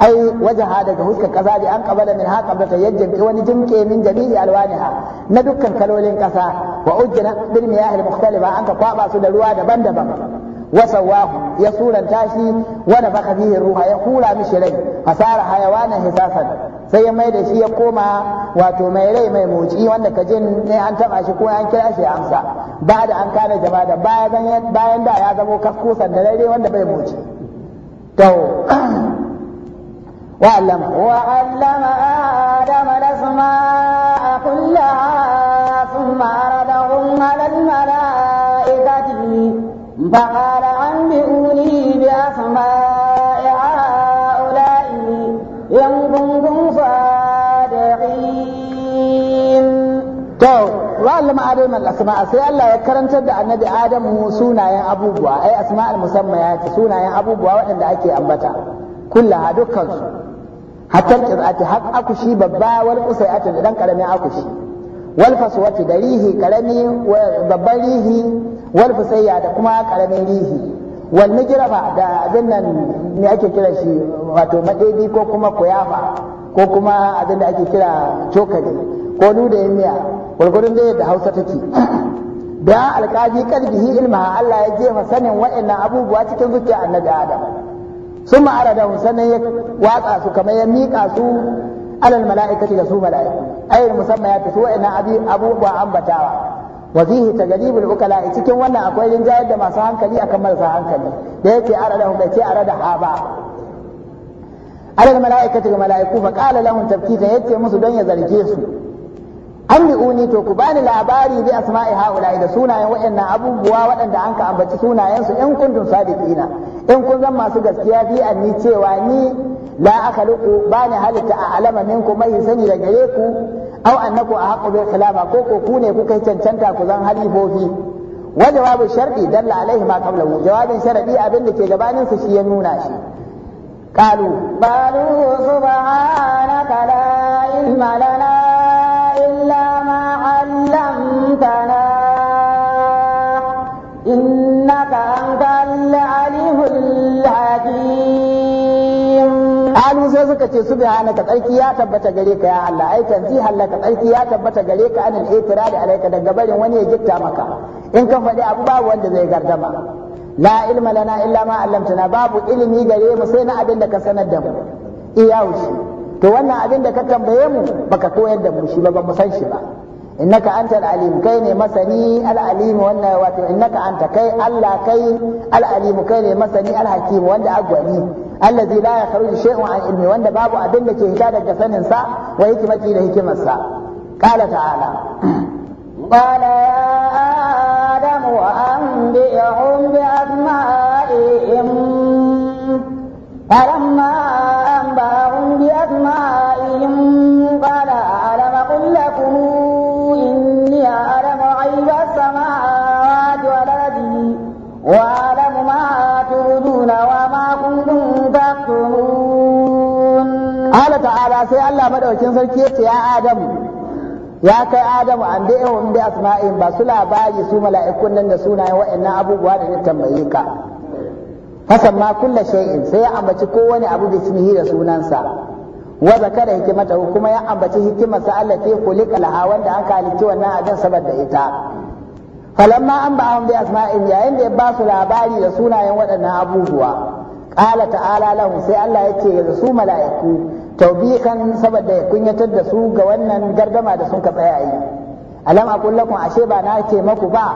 ai wajaha daga huskar kasa bi an qabala min haka bata yajjin wani jimke min jami'i alwaniha na dukkan kalolin kasa wa ujjina bil miyah al mukhtalifa an ka kwaba su da ruwa daban-daban wa ya suranta shi wa baka fihi ruha ya hura mishi rai fasara hayawanan hisasan sai ya mai da shi ya koma wato mai rai mai moci wanda ka jin ne an taba shi ko an kira shi amsa ba da an kana jama'a da bayan bayan da ya zamo da sandarai wanda bai moci to وعلم وعلم آدم الأسماء كلها ثم عرضهم على الملائكة ba. به بأسماء هؤلاء إن كنتم صادقين تو وعلم آدم الأسماء سي الله يكرم تبدا النبي آدم سونا أبو بوا أي أسماء المسميات سونا أبو بوا وعند أكي أنبتا كلها دكا hatta qira'ati har akushi babba wal qusayati da dan karamin akushi wal faswati da rihi karami babban rihi wal fusayya da kuma karamin rihi wal mijrafa da abin nan ne ake kira shi wato madaidi ko kuma kuyafa ko kuma abin da ake kira cokali ko yin miya gwargwarin da yadda hausa take <coughs> da alƙaji kalbihi ilma Allah ya jefa sanin na abubuwa cikin zuciya annabi Adam sun ma'ara da sannan ya watsa su kamar ya miƙa su alal mala'ikati da su mala'iku ayyul musamman ya fi su na abubuwa ambatawa wa fihi taglibul ukala cikin wannan akwai rinjayar da masu hankali akan marasa hankali da yake arada da ce arada haba ba alal mala'ikati ga mala'iku fa qala lahum tabkita yace musu don ya zarge su an uni to ku bani labari bi asma'i haula'i da sunayen wayannan abubuwa waɗanda an ka ambaci sunayen su in kundin sadiqina in kun zan masu gaskiya bi anni cewa ni la akhluqu bani halitta a alama minkum mai sani da gare ku aw annaku a bil khilafa ko ko ku ne kuka cancanta ku zan halifofi wa jawabu shar'i dalla alaihi ma qablahu jawabin sharadi abin da ke gabanin su shi ya nuna shi qalu balu subhanaka qalu sai suka ce subhanaka tsarki ya tabbata gare ka ya Allah ai tanzi halaka tsarki ya tabbata gare ka anil da alaika daga barin wani ya gitta maka in ka faɗi abu babu wanda zai gardama la ilma lana illa ma 'allamtana babu ilimi gare mu sai na abin da ka sanar da mu iyawu shi to wannan abin da ka tambaye mu baka koyar da mu shi ba ba mu san shi ba innaka anta al-alim kai ne masani al-alim wannan wato innaka anta kai Allah kai al kai ne masani al-hakim wanda agwani الذي لا يخرج شيء عن علمي وان باب ادله هكذا جسن انسا الى لهكم انسا قال تعالى قال يا ادم وانبئهم باسمائهم فلما انبأهم باسمائهم قال الم اقل لكم اني اعلم غيب السماوات والارض وما كنتم sai Allah تعالى سي الله مدوكين سركي ya kai adamu an da ihun da asma'in ba su labari su mala'ikun nan da sunayen wa'annan abubuwa da na tambaye ka fasan ma kulla shay'in sai ya ambaci kowane abu da ismihi da sunansa wa hikima hikimata kuma ya ambaci hikimarsa Allah ke kulika laha wanda an halitta wannan abin saboda ita falamma an ba ahun bi asma'in yayin da ya basu labari da sunayen waɗannan abubuwa qala ta'ala lahu sai Allah ya ce ya su mala'iku taubikan saboda ya kunyatar da su ga wannan gardama da sun ka tsaya yi alam aqul ashe ba na ce maku ba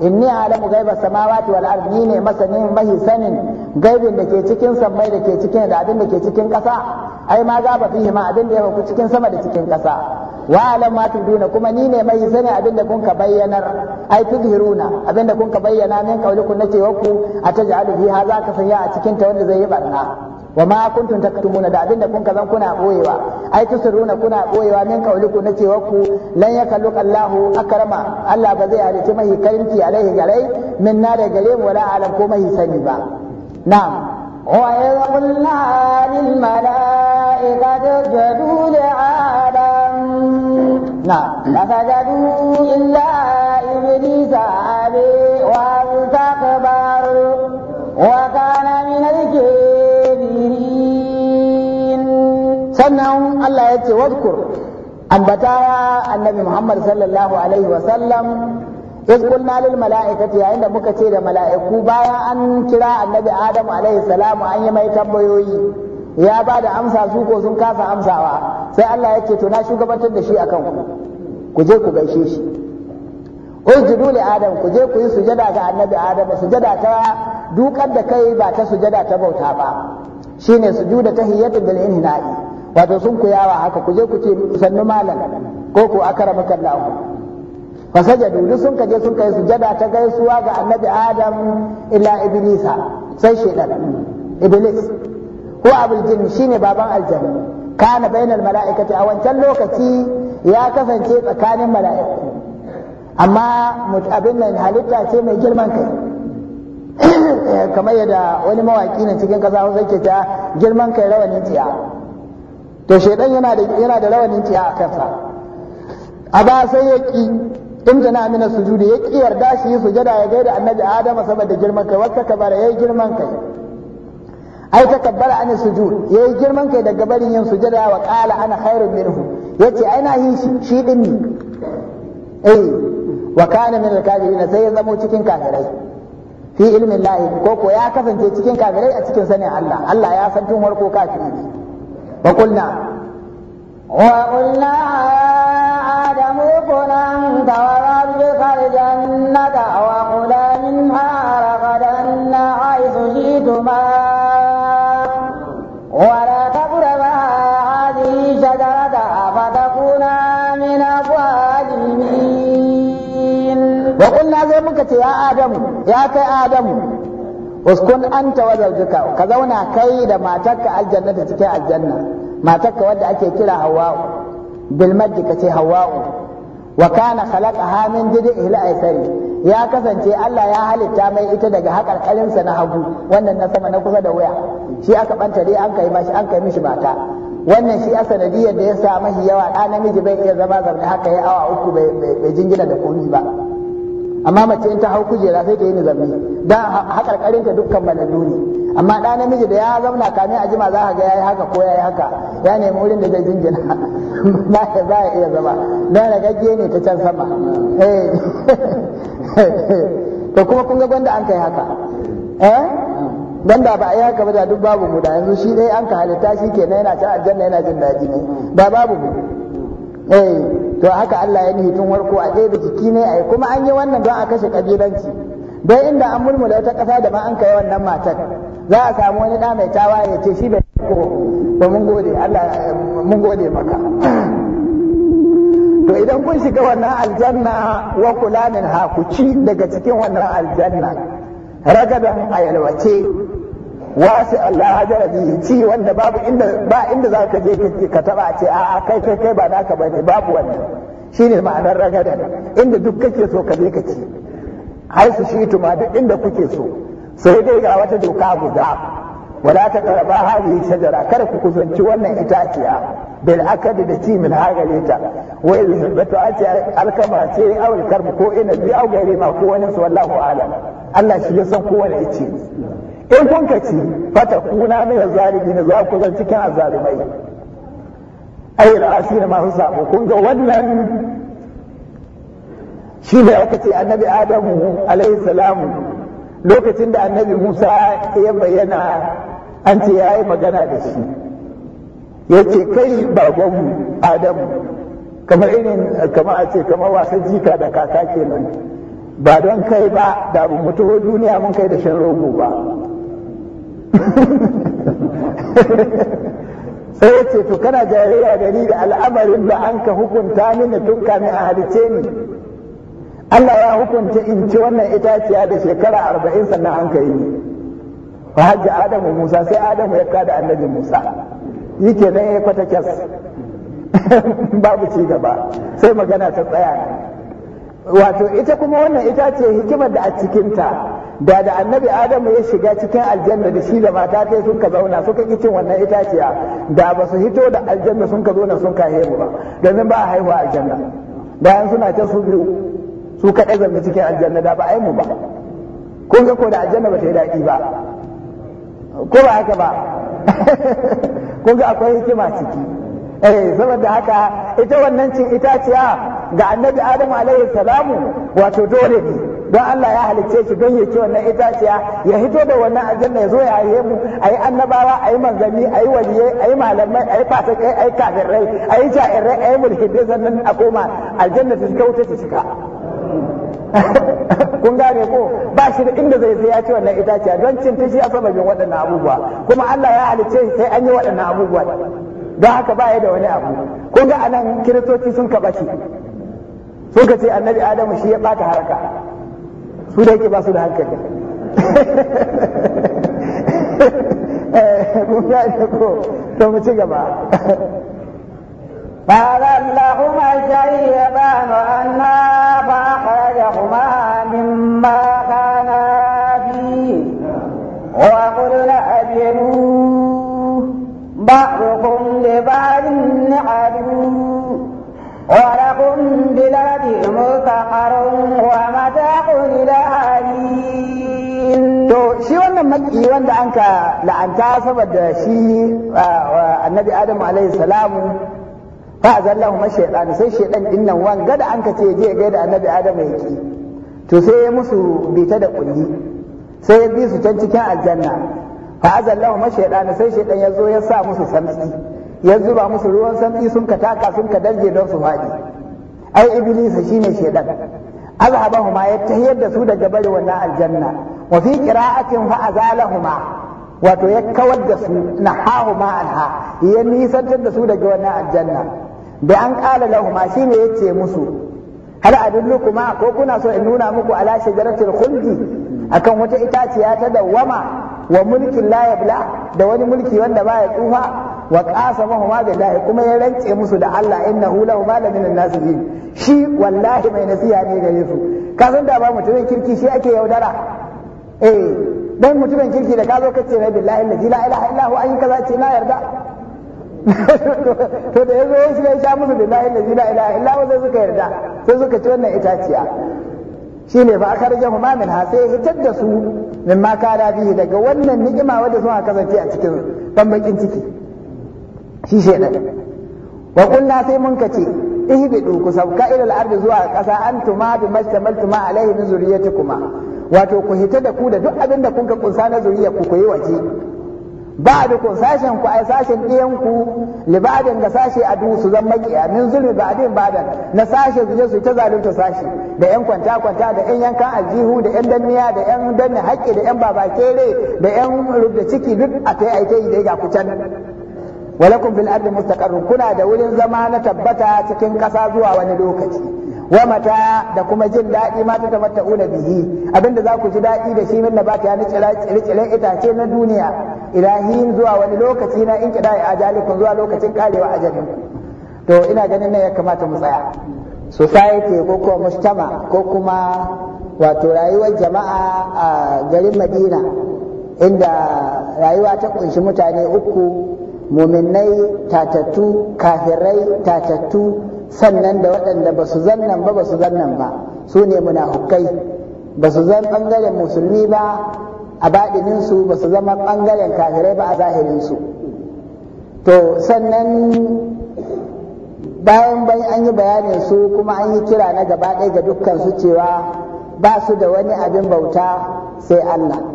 inni alamu gaiba samawati wal ardi ne masanin mahi sanin gaibin da ke cikin sammai da ke cikin da abin da ke cikin ƙasa ai ma gaba fihi ma abin da ya ku cikin sama da cikin ƙasa wa alam ma tuduna kuma ni ne mai sani abin da kun ka bayyanar ai tudhiruna abin da kun ka bayyana min kaulikun na cewa ku ataj'alu fiha, za ka sanya a cikin ta wanda zai yi barna wa ma kuntum taktumuna da abin da kun ka zan kuna boyewa ai tusiruna kuna boyewa min kauliku na cewa ku lan yakallu Allahu akrama Allah ba zai halice mai karimti alaihi garai min na da gare mu wala alam ko mai sani ba na'am وإذ lil فسجدوا إلا إبليس أبي واستكبر وكان من الكافرين سنهم الله يتي واذكر أنبتايا النبي محمد صلى الله عليه وسلم إذ قلنا للملائكة عند مكتير ملائكة بايا أن كلا النبي آدم عليه السلام أن يميت بيوي ya ba da amsa su ko sun kasa amsawa sai Allah ya ce to na shugabantar da shi a kanku, ku je ku gaishe shi usjudu li adam ku je ku yi sujada ga annabi adam sujada ta dukar da kai ba ta sujada ta bauta ba shine sujuda tahiyatu bil inhina'i wato sun ku yawa haka ku je ku ce sannu malam ko ku akramaka Allah fa sajadu duk sun kaje sun kai sujada ta gaisuwa ga annabi adam illa iblisa sai shedan iblis ko abul jin shine baban aljanna kana bainal mala'ikati a wancan lokaci ya kasance tsakanin mala'iku amma abin nan halitta ce mai girman kai <coughs> kamar yadda wani mawaki ne cikin kasa hausa ke ta girman kai rawanin tiya to shaidan yana da yana da rawanin tiya a kansa a sai ya ki imtana mina sujudi ya ki yarda shi sujada ya gaida annabi adama saboda girman kai wata kabara yi girman kai ai takabbara an sujud yi girman kai daga barin yin sujada wa qala ana khairun minhu yace ai na shi shi din ne eh wa kana min al sai ya zamo cikin kafirai fi ilmin lahi ko ko ya kasance cikin kafirai a cikin sanin Allah Allah ya san tun warko kafiri ne wa qulna wa qulna adamu kun anta wa rabbika wa qula minha ragadan haythu jituma wa qulna zai muka ce ya ya kai adamu uskun anta wa zawjuka ka zauna kai da matarka aljannata cikin aljanna matarka wadda ake kira hawa'u bil majdi kace hawa'u wa kana khalaqaha min didi ila aisari ya kasance Allah ya halitta mai ita daga hakarkarinsa na hagu wannan na sama na kusa da waya shi aka bantare an kai mashi an kai mishi mata wannan shi a da ya sa mahi yawa ɗa namiji bai iya zama zaune haka ya awa uku bai jingina da komi ba amma mace in ta hau kujera sai ta yi nizami da haƙarƙarin ta dukkan malallu ne amma ɗa namiji da ya zauna kamin a jima za a ga yayi haka ko yayi haka ya nemi wurin da zai jingina <laughs> ba ya iya zama da ragagge ne ta can sama eh. <laughs> to kuma kun ga gwanda an kai haka eh gwanda ba a yi haka ba da duk babu mu da yanzu shi dai an ka halitta shi kenan yana cin aljanna yana jin daɗi ne Ba babu mu eh to haka Allah ya nihi tun warko a ɗaya da jiki ne a kuma an yi wannan don a kashe kabilanci don inda an murmula wata ƙasa da ma an kai wannan matar za a samu wani ɗa mai tawa ya ce shi bai ko ba mun gode Allah mun gode maka to idan kun shiga wannan aljanna wa kula min hakuci daga cikin wannan aljanna ragadan a yalwace wasu Allah hajara bi ci wanda babu inda ba inda za ka je ka taba ce a kai kai kai ba naka bane babu shi shine ma'anar ragada inda duk kake so ka ka ci har shi tuma duk inda kuke so sai dai ga wata doka guda wala ta karba hadhihi shajara kada ku kusanci wannan itaciya bil akadi da ci min hagalita wa il batu ati alkama ce aw karbu ko ina bi aw gaire ma ko wani su wallahu alam Allah shi ya san kowane ice in kun ka ci fata kuna mai zalimi ne za ku zan cikin azalumai ai ra'asi na masu sabo kun ga wannan shi ne aka ce annabi adamu alaihi salam lokacin da annabi musa ya bayyana an ce ya yi magana da shi ya ce kai babanmu adamu kamar irin kamar a ce kamar wasan jika da kaka kenan ba don kai ba da mutuwar duniya mun kai da shan rogo ba <laughs> sai ya ce to kana jariya gani da al'amarin da an ka hukunta mini tun kamin a halice ni Allah ya hukunta in ci wannan itaciya da shekara arba'in sannan an ka yi ni fa hajji adamu musa sai adamu ya kada annabi musa yi ke nan ya kwata kyas <laughs> babu ci gaba sai magana ta tsaya wato ita kuma wannan itaciya hikimar da a cikinta da da annabi adamu ya shiga cikin aljanna da shi da mata ta sun ka zauna suka ki cin wannan itaciya da ba su hito da aljanna sun ka zauna sun kahe mu ba domin ba a haihuwa aljanna bayan suna ta su biyu su kaɗai zanne cikin aljanna da ba a yi mu ba kun ga ko da aljanna ba ta yi daɗi ba ko ba haka ba <laughs> kun ga akwai hikima ciki eh saboda haka ita wannan cin itaciya ga annabi adamu alaihi salamu wato dole ne don Allah ya halicce shi don ya ci wannan itaciya ya hito da wannan aljanna ya zo ya aihe mu yi annabawa yi manzanni waliye a yi malamai a yi fasakai a ayi kafirai yi ja'irai yi mulhidai sannan a koma aljanna ta shiga wuta ta shiga <laughs> kun gane ko ba shi da inda zai sai ya ci wannan itaciya don cin ta shi a sababin waɗannan abubuwa kuma Allah ya halicce sai an yi waɗannan abubuwa don haka ba ya da wani abu kun ga anan kiristoci sun kaɓa shi sun ka ce annabi adamu shi ya ɓata haraka su da yake ba su da hankali to mu ci gaba قال لهما الشيطان أنا فأخرجهما مما كانا فيه وقلنا أبينوا بعضكم لبعض عدو ولكم بلاد مستقر ومتاع wannan maki wanda an ka la'anta saboda shi annabi adamu alaihi salamu fa azallahu mashaitan sai shaitan dinnan wan wanga da an ka ce je ga da annabi adamu yake to sai ya musu bita da kulli sai ya bi su can cikin aljanna fa azallahu mashaitan sai shaitan ya zo ya sa musu samtsi ya zuba musu ruwan samtsi sun ka taka sun ka darje don su faɗi ai iblis shine shaitan azhabahuma ya tahiyar da su daga bari wannan aljanna mafi fi qira'atin fa azalahuma wato ya kawar da su nahahuma anha ya nisantar da su daga wannan aljanna bi an ƙara lahuma shine yace musu har hal adullukuma ko kuna so in nuna muku ala shajaratil khuldi akan wata itaciya ta dawwama wa mulkin la yabla da wani mulki wanda baya tsufa wa qasamahuma billahi kuma ya rantse musu da Allah innahu lahu malamin nasihin shi wallahi mai nasiha ne gare su ka san da ba mutumin kirki shi ake yaudara eh dan mutumin kirki da ka zo kace mai billahi la ilaha illa an kaza ce na yarda <laughs> to da yazo shi ne sha musu billahi la ilaha illa hu sai suka yarda sai suka ci wannan itaciya shi shine fa akharajahuma min ha sai hitar da su min ma da bihi daga wannan ni'ima wadda aka kasance a cikin bambakin ciki shi shaidan wa kunna sai mun kace ihbidu ku sauka ila al-ardi zuwa kasa antuma bi majtamaltuma alaihi min zuriyatikuma wato ku hita da ku da duk abin da kunka kunsa na zuriyar ku koyi waje ba da ku sashen ku ai sashen ɗiyan ku libadin da sashe a su zan a min zulmi ba adin badan na sashe zuje su ta zalunta sashe da yan kwanta kwanta da yan yankan aljihu da yan danniya da yan danne haƙƙi da yan baba babakere da yan rubda ciki duk a kai aikai kai da ga ku can walakum fil ardi mustaqarrun kuna da wurin zama na tabbata cikin ƙasa zuwa wani lokaci wa mata da kuma jin daɗi ma ta tamatta'una bihi abinda za ku ji daɗi da shi min nabata ya tsire tsire itace na duniya ilahin zuwa wani lokaci na in kida ajali ajalikun zuwa lokacin karewa ajalin to ina ganin nan ya kamata mu tsaya society ko ko mujtama ko kuma wato rayuwar jama'a a garin Madina inda rayuwa ta kunshi mutane uku muminai tatattu kafirai tatattu sannan da waɗanda ba su zannan ba ba su zannan ba su ne munafukai ba su zan ɓangaren musulmi ba a baɗininsu ba su zama ɓangaren kafirai ba a zahirinsu to sannan bayan bayan an yi bayanin su kuma an yi kira na gaba ɗaya ga dukkan su cewa ba su da wani abin bauta sai Allah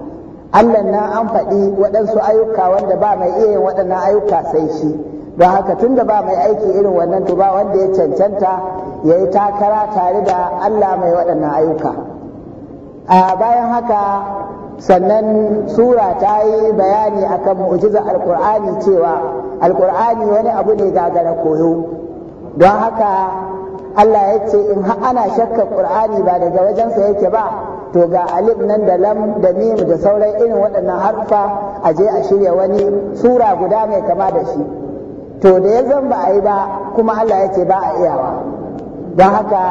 Allah na an faɗi waɗansu ayyuka wanda ba mai iya yin waɗannan ayyuka sai shi don haka tun da ba mai aiki irin wannan to ba wanda ya cancanta ya yi takara tare da Allah mai waɗannan ayyuka a bayan haka sannan sura ta yi bayani akan mu'jizar alkur'ani cewa alkur'ani wani abu ne gagara koyo don haka Allah ya ce in har ana shakka Qur'ani ba daga wajensa yake ba to ga alif nan da lam da mim da sauran irin waɗannan harfa a je a shirya wani sura guda mai kama da shi to da ya zan ba a yi ba kuma Allah ya ce ba a iyawa don haka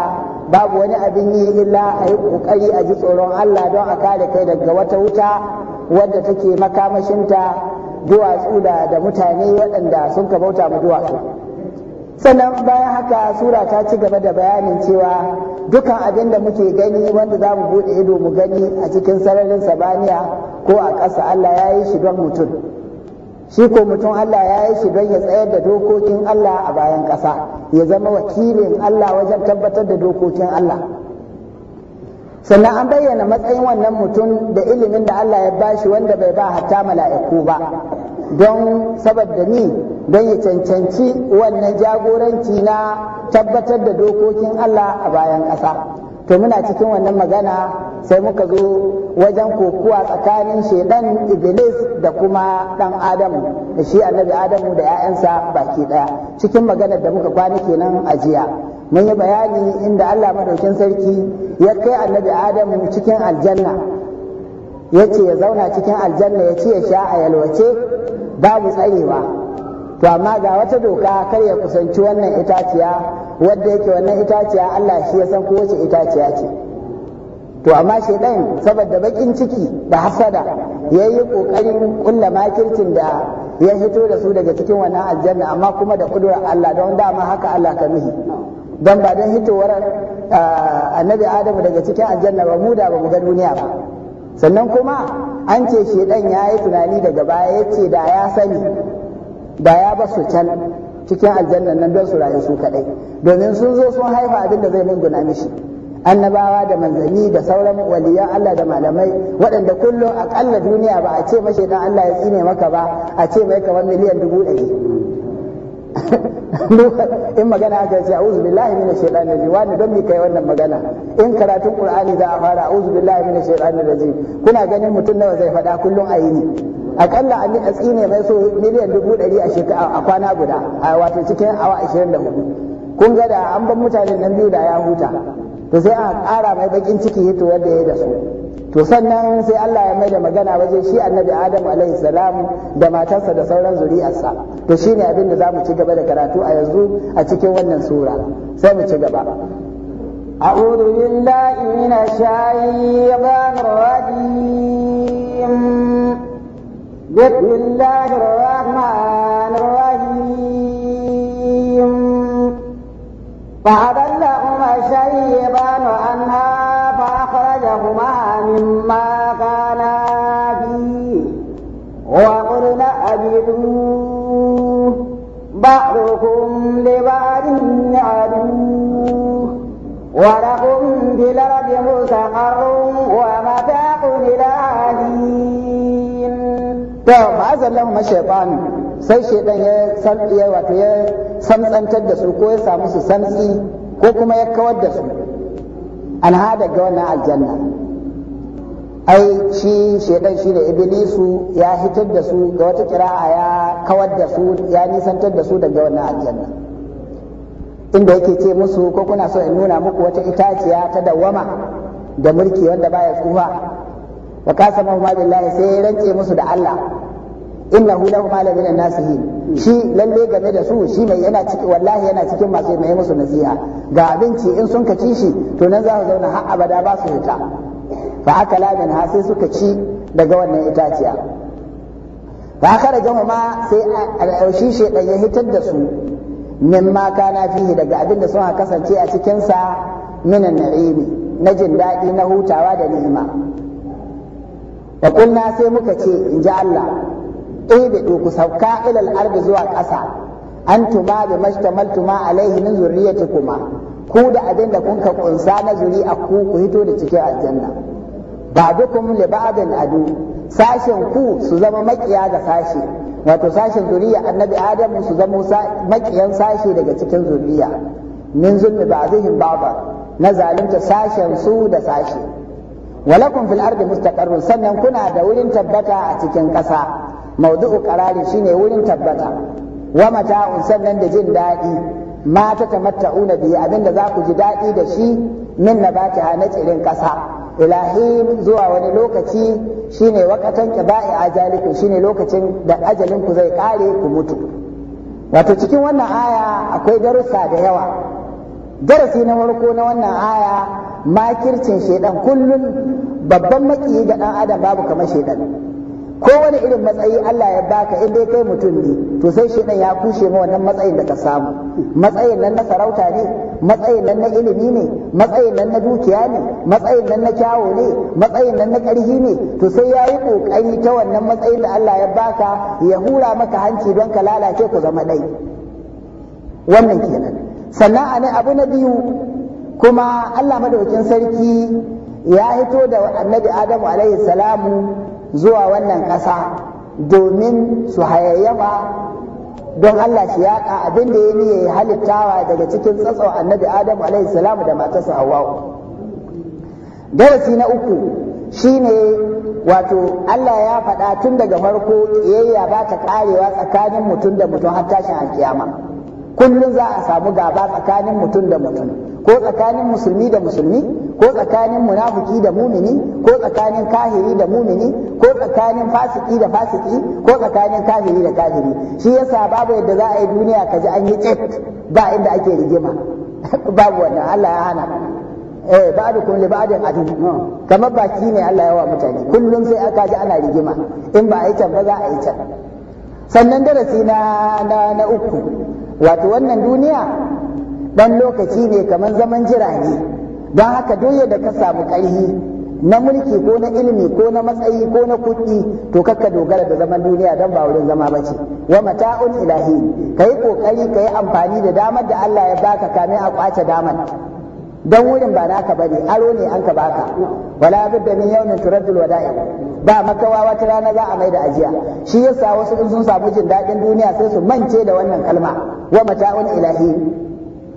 babu wani abin yi illa a yi ƙoƙari a ji tsoron Allah don a kare kai daga wata wuta wadda take makamashinta duwatsu da mutane waɗanda sun ka bauta mu duwatsu sannan bayan haka sura ta ci gaba da bayanin cewa dukan abin da muke gani wanda za mu buɗe ido mu gani a cikin sararin sabaniya ko a ƙasa Allah ya yi shi don mutum shi ko mutum Allah ya yi shi don ya tsayar da dokokin Allah a bayan ƙasa ya zama wakilin Allah wajen tabbatar da dokokin Allah sannan an bayyana matsayin wannan mutum da ilimin da Allah ya bashi wanda bai ba hatta mala'iku ba don saboda ni don ya cancanci wannan jagoranci na tabbatar da dokokin Allah a bayan ƙasa to muna cikin wannan magana sai muka zo wajen kokuwa tsakanin shaidan iblis da kuma ɗan adamu da shi annabi adamu da 'ya'yansa baki ɗaya. cikin maganar da muka kwana kenan a jiya mun yi bayani inda Allah madaukin sarki ya kai annabi adamu cikin aljanna ya ce ya zauna cikin aljanna ya ce ya sha a yalwace babu tsayewa to amma ga wata doka kar ya kusanci wannan itaciya wadda yake wannan itaciya Allah shi ya san ko wace itaciya ce to amma shedan saboda bakin ciki da hasada yayi kokarin kulla makircin da ya hito da su daga cikin wannan aljanna amma kuma da kudurar Allah don dama haka Allah ka mihi dan ba don hitowar ah, annabi Adamu daga cikin aljanna ba mu da ba mu ga duniya ba sannan kuma an ce shedan ya yi tunani daga baya ya ce da ya sani da ya ba su can cikin aljannan nan don su rayu su kaɗai domin sun zo sun haifa abin da zai munguna mishi annabawa da manzanni da sauran waliyan Allah da malamai waɗanda kullum akalla duniya ba a ce mashi dan Allah ya tsine maka ba a ce mai kamar miliyan dubu ɗari <laughs> in magana aka ce a'udhu billahi minash shaitanir rajim wani don mi kai wannan magana in karatun qur'ani za a fara a'udhu billahi minash shaitanir rajim kuna ganin mutum nawa zai faɗa kullum a yini akalla a mitsi ne mai so miliyan dubu ɗari a shekara a kwana guda a wato cikin awa ashirin da hudu kun ga da an ban mutanen nan biyu da ya huta to sai a ƙara mai bakin ciki hito wanda ya da su to sannan sai Allah ya mai da magana waje shi annabi Adam alaihi salam da matarsa da sauran zuri'arsa to shine abin da zamu ci gaba da karatu a yanzu a cikin wannan sura sai mu ci gaba أعوذ بالله من الشيطان الرجيم بسم الله الرحمن الرحيم فعد اللهم الشيطان عنها لهما مما كانا فيه وقلنا أبدوا بعضكم لبعض عدو ولكم في الأرض مستقر ومتاع إلى حين. تو ما زلهم الشيطان sai shaidan ya san wato ya samsantar da su ko ya samu su santsi ko kuma ya kawar da su An hada ga wannan aljanna ai shi shaidan shi da iblisu ya hitar da su ga wata kira'a ya kawar da su ya nisantar da su daga wannan aljanna inda yake ce musu ko kuna so in nuna muku wata itaciya ta dawwama da mulki wanda baya tsufa wa kasama ma billahi sai ya rance musu da Allah hu lahu mala min an-nasihin shi lalle game da su shi mai yana cikin wallahi yana cikin masu mai musu nasiha ga abinci in sun ka ci shi to nan za su zauna har abada ba su fita fa la min ha sai suka ci daga wannan itaciya fa akharajahu ma sai al shi dan ya hitar da su min ma kana fihi daga abin da sun kasance a cikin sa minan na'imi na jin daɗi na hutawa da ni'ima da kulna sai muka ce in ji Allah ihbidu ku sauka ilal ardi zuwa ƙasa tuma bi tuma alaihi min kuma. ku da abin da kun ka kunsa na zuri'a ku ku hito da cikin aljanna ba'dukum li ba'din adu sashen ku su zama makiya ga sashi wato sashen zuriya annabi adam su zama makiyan sashi daga cikin zuriya min zulmi ba'dihim na zalunta sashen su da sashi walakum fil ardi mustaqarrun sannan kuna da wurin tabbata a cikin ƙasa mawdu'u karari shine wurin tabbata wa mata'un sannan da jin daɗi ma ta tamatta'una bihi abinda za ku ji daɗi da shi min nabatiha na tsirin ƙasa ilahim zuwa wani lokaci shine wakatan kibai ajalikum shine lokacin da ajalin ku zai kare ku mutu wato cikin wannan aya akwai darussa da yawa darasi na farko na wannan aya makircin shedan kullun babban makiyi ga dan adam babu kamar shedan Ko wani irin matsayi Allah ya baka in dai kai mutum ne to sai shi ya kushe ma wannan matsayin da ka samu matsayin nan na sarauta ne matsayin nan na ilimi ne matsayin nan na dukiya ne matsayin nan na kyawo ne matsayin nan na ƙarfi ne to sai ya yi ƙoƙari ta wannan matsayin da Allah ya baka ya hura maka hanci don ka lalace ku zama ɗai wannan kenan sannan a ne abu na biyu kuma Allah madaukin sarki ya hito da annabi Adamu alaihi salamu zuwa wannan ƙasa domin su hayayyafa don Allah shi yaƙa abin da ya niye halittawa daga cikin tsatson annabi Adam alaihi salamu da matarsa Hawwa. Darasi na uku shi ne wato Allah ya faɗa tun daga farko ƙiyayya ba ta ƙarewa tsakanin mutum da mutum har tashin alkiyama. kullum za a samu gaba tsakanin mutum da mutum ko tsakanin musulmi da musulmi ko tsakanin munafiki da mumini ko tsakanin kahiri da mumini ko tsakanin fasiki da fasiki ko tsakanin kahiri da kahiri shi yasa babu yadda za a yi duniya ka ji an yi tsit ba inda ake rigima <laughs> babu wannan Allah ya hana eh ba'dukum li ba'din adu kamar baki ne Allah ya wa mutane kullum sai aka ji ana rigima in ba a yi can ba za a yi can sannan darasi na na uku wato wannan duniya ɗan lokaci ne kamar zaman jira ne don haka duk da ka samu ƙarfi na mulki ko na ilimi ko na matsayi ko na kuɗi to kakka dogara da zaman duniya don ba wurin zama ba ce wa mata'un ilahi ka yi ƙoƙari ka yi amfani da damar da Allah ya baka kame a kwace damar don wurin ba naka bane aro ne an ka baka wala budda min yawmin turaddul wada'i ba makawa wata rana za a mai da ajiya shi yasa wasu in sun samu jin daɗin duniya sai su mance da wannan kalma wa mata'un ilahi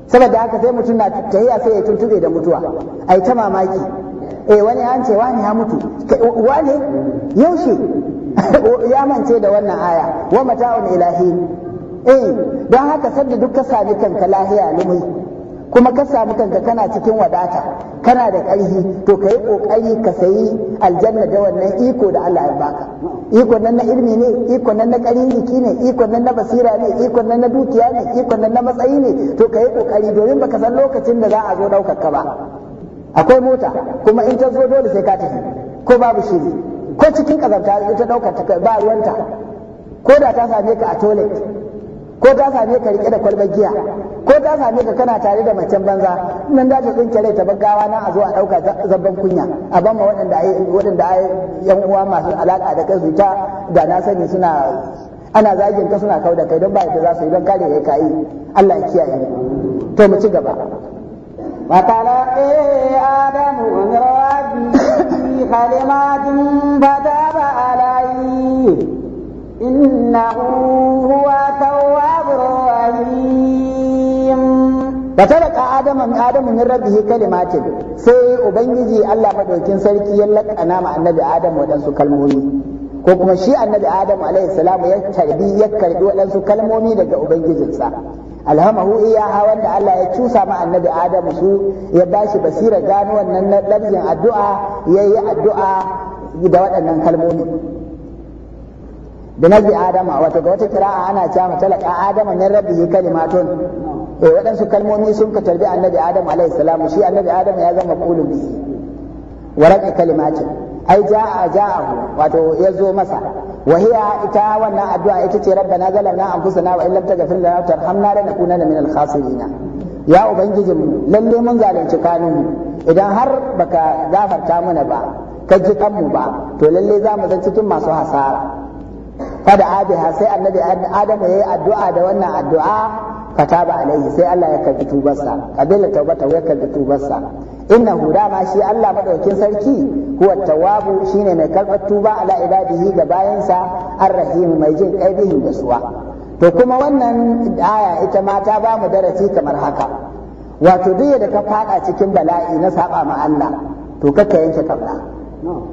saboda haka sai mutum na tahiya sai ya tuntube da mutuwa ai ta mamaki eh wani an ce wani ya mutu wani yaushe <laughs> ya mance da wannan aya wa mata'un ilahi eh don haka sanda duk ka sami kanka lahiya lumai kuma ka samu kanka kana cikin wadata kana da ƙarfi to ka yi ƙoƙari ka sayi aljanna da wannan iko da Allah ya baka iko nan na ilimi ne iko nan na ƙarin jiki ne iko nan na basira ne iko nan na dukiya ne iko nan na matsayi ne to ka yi ƙoƙari domin baka san lokacin da za a zo ɗaukar ka ba akwai mota kuma in ta zo dole sai ka tafi ko babu shiri ko cikin kazanta ita ɗaukar ta ba ruwanta ko da ta same ka a toilet ko ta same ka rike da kwalbar giya ko ta same ka kana tare da macen banza nan da ta tsinke rai ta gawa na a zo a dauka zabban kunya a ban ma waɗanda waɗanda yan uwa masu alaka da kai su ta da na sani suna ana zagin ka suna da kai don ba yadda za su yi don kare kai kai Allah ya kiyaye to mu ci gaba وتلقي adamu من ربه كلمات badaba عليه إنه هو تواب رحيم وتلك آدم من آدم من ربه كلمات سي أبنجي الله مدوكين سلكي يلك أنا مع النبي آدم ko kuma shi annabi adamu alaihi salamu ya tarbi ya karbi waɗansu kalmomi daga ubangijinsa alhamahu hawan da Allah ya cusa ma annabi adamu su ya bashi basira gano wannan lafzin addu'a yayi addu'a da waɗannan kalmomi binazi adama wato ga wata kira'a ana cewa matalaka adama min rabbihi kalimatun eh waɗansu kalmomi sun ka tarbi annabi adam alaihi salam shi annabi adam ya zama qulun bihi wa raqa ai ja'a ja'ahu wato ya zo masa wa hiya ita wannan addu'a ita ce rabbana zalamna anfusana wa in lam taghfir lana tarhamna min minal khasirin ya mu, lalle mun zalunci kanunmu idan har baka gafarta mana ba ka ji kanmu ba to lalle za mu zan cikin masu hasara fada abiha sai annabi adam yayi addu'a da wannan addu'a ba alaihi sai Allah ya karbi tubarsa kabila taubata ya karbi tubarsa Inna Huda ma shi Allah madaukin sarki huwa tawabu shine mai karbar tuba ala ibadihi ga bayansa arrahim mai jin kaibihin da suwa to kuma wannan aya ita ma ta ba mu darasi kamar haka wato duk da ka fada cikin bala'i na saba ma Allah to kaka yanke kabla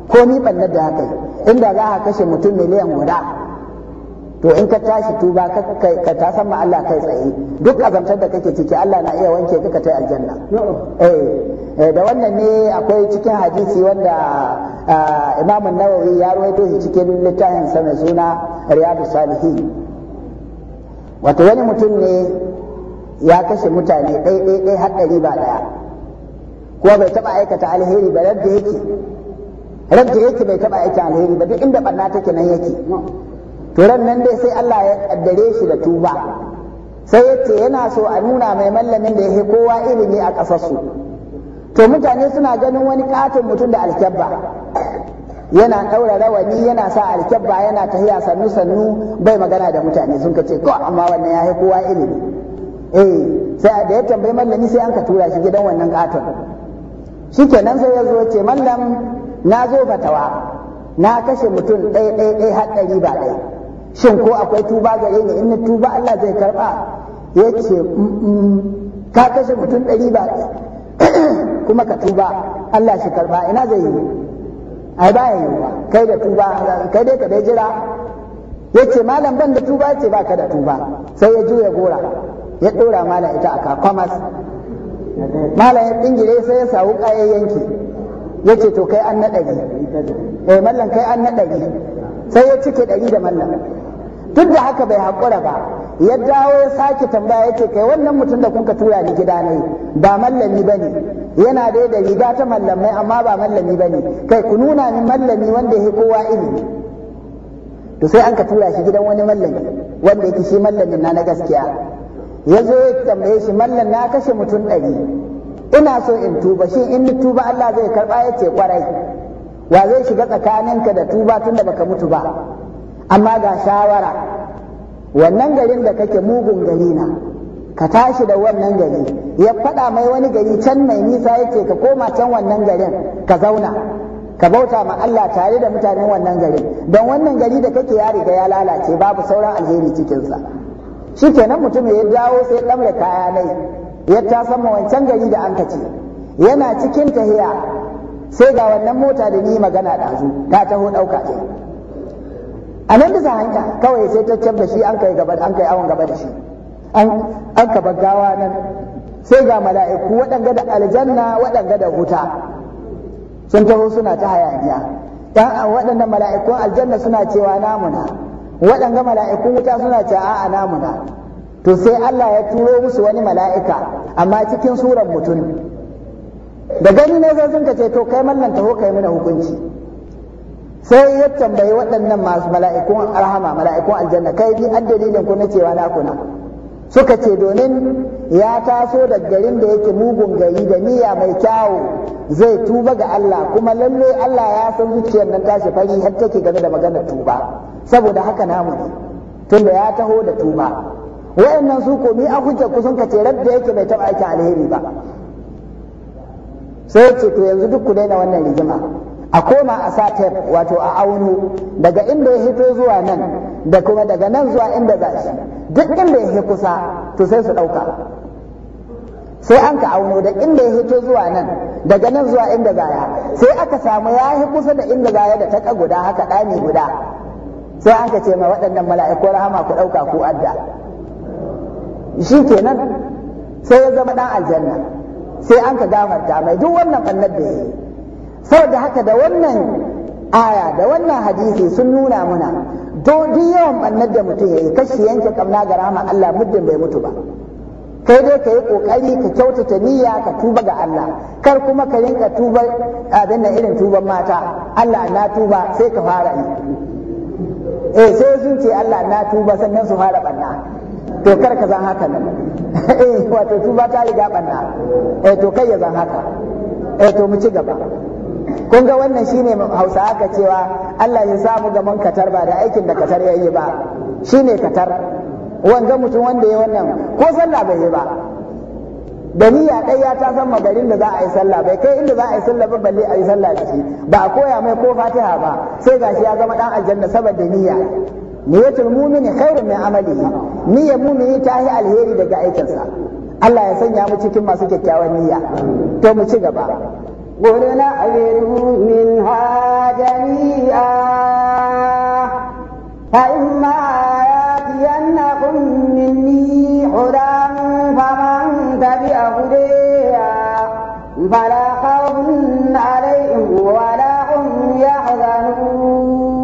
ko ni ban da haka inda za a kashe mutum miliyan guda to in ka tashi tuba ka ta san ma Allah kai tsaye duk azamtar da kake ciki Allah na iya wanke ka ta aljanna eh, eh da wannan ne akwai cikin hadisi wanda ah, Imam Nawawi ya rawaito shi cikin littafin sa mai suna Riyadus Salihin wato wani mutum ne ya kashe mutane ɗai ɗai ɗai har ɗari ba ɗaya kuma bai taɓa aikata alheri ba yadda yake rabta yake bai taɓa aikata alheri ba duk inda ɓanna take nan yake turan nan dai sai Allah ya kaddare shi da tuba sai yace yana so a nuna mai mallamin da yake kowa ilimi a kasarsu to mutane suna ganin wani katon mutum da alkyabba yana ɗaura rawani yana sa alkyabba yana tahiya sannu sannu bai magana da mutane sun kace ko amma wannan ya kowa ilimi eh sai da ya tambayi mallami sai an ka tura shi gidan wannan katon shikenan sai ya zo ce mallam na zo fatawa na kashe mutum ɗaya ɗaya ɗaya har ɗari ba ɗaya shin ko akwai tuba gare ni in na tuba Allah zai karba yace mm, mm, ka kashe mutum ɗari ba <coughs> kuma ka tuba Allah shi karba ina zai yi ai ba ya yi ba kai da tuba kai dai ka dai jira yace malam ban da tuba yace ba ka da tuba sai ya juya gora ya ɗora malam ita aka kwamas malam ya dingire sai ya sawu kayayyanki yanki yace to kai an na ɗari eh mallan kai an na ɗari sai ya cike ɗari da mallam duk da haka bai haƙura ba ya dawo ya sake tambaya ya ce kai wannan mutum da kuka tura ni gida ne ba mallami ba ne yana dai da riga ta mallamai amma ba mallami ba ne kai ku nuna ni mallami wanda ya kowa ilimi to sai an ka tura shi gidan wani mallami wanda yake shi mallamin na na gaskiya ya zo ya tambaye shi mallam na kashe mutum ɗari ina so in tuba shi in ni tuba Allah zai karɓa ya ce kwarai wa zai shiga tsakaninka da tuba tunda baka mutu ba amma ga shawara wannan garin da kake mugun gari na ka tashi da wannan gari ya faɗa mai wani gari can mai nisa yake ka koma can wannan garin ka zauna ka bauta ma Allah tare da mutanen wannan gari don wannan gari da kake ya riga ya lalace babu sauran alheri cikinsa shi kenan mutum ya dawo sai ɗamre kaya nai ya ta sama wancan gari da an kace yana cikin tahiya sai ga wannan mota da ni magana ɗazu ta taho ɗauka ce a nan bisa hanya kawai sai ta cab da shi an kai gaba an kai awon gaba da shi an ka gawa nan sai ga mala'iku waɗanga da aljanna waɗanga da wuta sun taho suna ta hayaniya dan waɗannan mala'ikun aljanna suna cewa namuna waɗanga mala'ikun wuta suna cewa a'a namuna to sai Allah ya turo musu wani mala'ika amma cikin suran mutum da gani ne sai sun ce to kai mallan taho kai mana hukunci sai ya tambayi waɗannan masu mala'ikun al-rahma, mala'ikun aljanna kai bi an dalilin ku na cewa na kuna suka ce domin ya taso da garin da yake mugun gari da niyya mai kyawu zai tuba ga Allah kuma lalle Allah ya san zuciyar nan tashi fari har take game da magana tuba saboda haka namu ne tunda ya taho da tuba wayannan su ko mi a hujjar ku sun kace rabbi yake bai taba aikin alheri ba sai ce to yanzu duk ku daina wannan rigima a koma a satar wato a auno daga inda ya hito zuwa nan da kuma daga nan zuwa inda za shi duk inda ya kusa to sai su ɗauka sai an ka auno da inda ya hito zuwa nan daga nan zuwa inda gaya sai aka samu ya yi kusa da inda gaya da taka guda haka ɗani guda sai an ka ce ma waɗannan mala'iku rahama ku ɗauka ku adda shi kenan sai ya zama ɗan aljanna sai an ka gamarta mai duk wannan ɓannar da ya yi saboda haka da wannan aya da wannan hadisi sun nuna muna dodi yawan bannar da mutum ya yi kashi yanke kamna ga rama Allah muddin bai mutu ba kai dai ka yi kokari ka kyautata niyya ka tuba ga Allah kar kuma ka rinka tuba abin da irin tuban mata Allah na tuba sai ka fara yi eh sai sun ce Allah na tuba sannan su fara banna to kar ka zan haka nan <laughs> eh wato tuba ta riga banna eh to kai ya zan haka eh to mu ci gaba kun ga wannan shine hausa aka cewa Allah ya samu gaman katar ba da aikin da katar ya yi ba shine katar wanga mutum wanda ya wannan ko sallah bai yi ba da niyya ɗaya ta san magarin da za a yi sallah bai kai inda za a yi sallah ba balle a yi sallah ciki ba a koya mai ko fatiha ba sai gashi ya zama dan aljanna saboda niyya niyyatul mu'mini khairun min amalihi niyyar mu'mini ta yi alheri daga aikinsa Allah ya sanya mu cikin masu kyakkyawan niyya to mu ci gaba قل نعبد منها جميعا فإما يأتينكم مني حدا فمن تبع هديا فلا خوف عليهم ولا هم يحزنون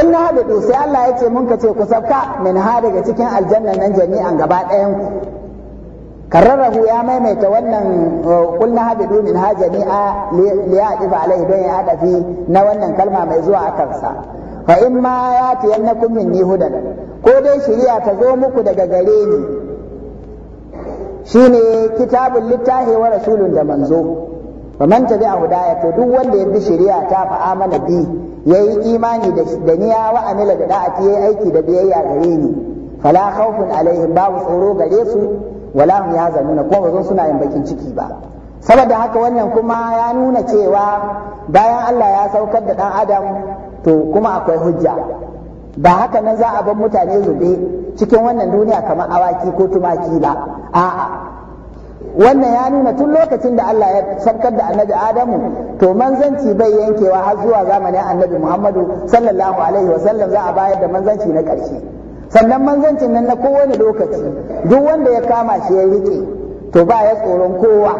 In na haɗe sai Allah ya ce mun ka ce ku sauka min daga cikin aljannan nan jami'an gaba ɗayan ku. kararrahu ya maimaita wannan kul na habidu min ha jami'a li ya'tifa alaihi don ya fi na wannan kalma mai zuwa a kansa fa in ma ya tiyannakum minni hudan ko dai shari'a ta zo muku daga gare ni shine kitabun littahi wa rasulun da manzo fa man a hudaya to duk wanda ya bi shari'a ta fa amana bi yayi imani da niya wa amila da da'ati yayi aiki da biyayya gare ni fala khawfun alaihim babu tsoro gare su wala ya hum na ko ba zan suna yin bakin ciki ba saboda haka wannan kuma ya nuna cewa bayan Allah ya saukar da dan adam to kuma akwai hujja ba haka nan za a bar mutane zube cikin wannan duniya kamar awaki ko tumaki ba a'a wannan ya nuna tun lokacin da Allah ya saukar da annabi Adamu to manzanci bai yankewa har zuwa zamanin annabi Muhammadu sallallahu alaihi wasallam za a bayar da manzanci na ƙarshe sannan manzancin nan na kowane lokaci duk wanda ya kama shi ya rike to ba ya tsoron kowa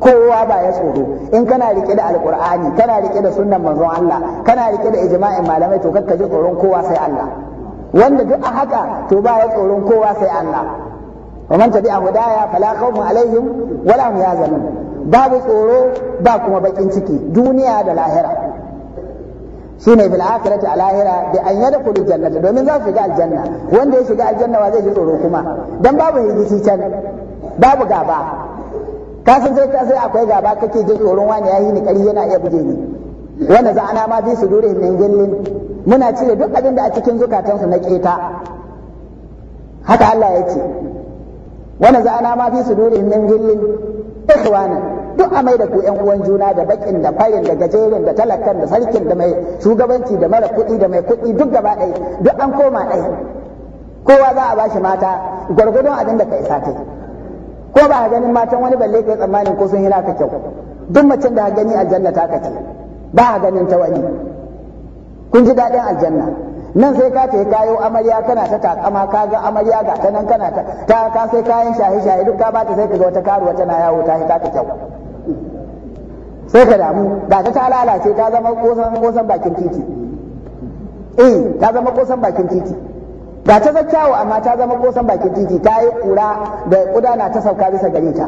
kowa ba ya tsoro in kana rike da alkur'ani kana rike da sunnan manzon Allah kana rike da ijma'in malamai to kakka ji tsoron kowa sai Allah wanda duk a haka to ba ya tsoron kowa sai Allah wa man tabi'a hudaya fala khawfun alaihim wala hum yahzanun babu tsoro ba kuma bakin ciki duniya da lahira shine bil akhirati a lahira bi an yadkhulu jannata domin za su shiga aljanna wanda ya shiga aljanna wa zai ji tsoro kuma dan babu hirgici can babu gaba ka san sai sai akwai gaba kake jin tsoron wani yayi ni kari yana iya buge ni wanda za ana ma fi dure min gillin muna cire duk abin da a cikin su na keta haka Allah ya ce wanda za ana ma fi dure min gillin ikhwana duk a mai da ku yan uwan juna da bakin da fayin, da gajeren da talakan da sarkin da mai shugabanci da mara kuɗi da mai kuɗi duk gaba ɗaya duk an koma ɗaya kowa za a bashi mata gwargwadon abin da ka isa kai ko ba a ganin matan wani balle kai tsammanin ko sun hina ka kyau duk macen da gani aljanna ta kace ba a ganin ta wani kun ji daɗin aljanna nan sai ka ce kayo amarya kana ta takama ka ga amarya ga ta nan kana ta ta ka sai kayan shaye shahi duk ka bata sai ka ga wata karuwa tana yawo ta ka ta kyau sai ka damu ga ta ta lalace ta zama kosan kosan bakin titi eh ta zama kosan bakin titi ga ta zakkawo amma ta zama kosan bakin titi ta yi kura da kudana ta sauka bisa gare ta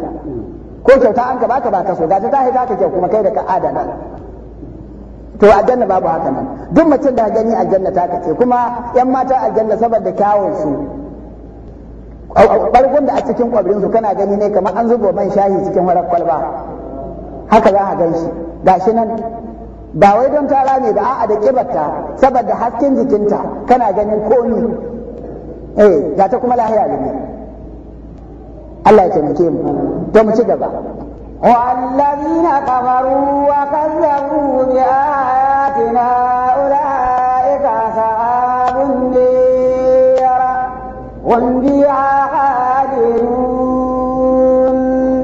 ko kyauta an ka baka ba ka so ga ta ta ka kyau kuma kai da ka adana to aljanna babu haka nan duk mutum da gani aljanna ta kace kuma yan mata aljanna saboda kyawun su bargun da a cikin kwabrin su kana gani ne kamar an zuba man shayi cikin warar kwalba haka za a gan shi gashi nan ba wai don tara ne da a'a da kibarta saboda hasken jikinta kana ganin komi eh ga ta kuma lahiya ne Allah ya taimake mu to mu ci gaba والذين كفروا وكذبوا بآياتنا أولئك أصحاب النير هم فيها خالدون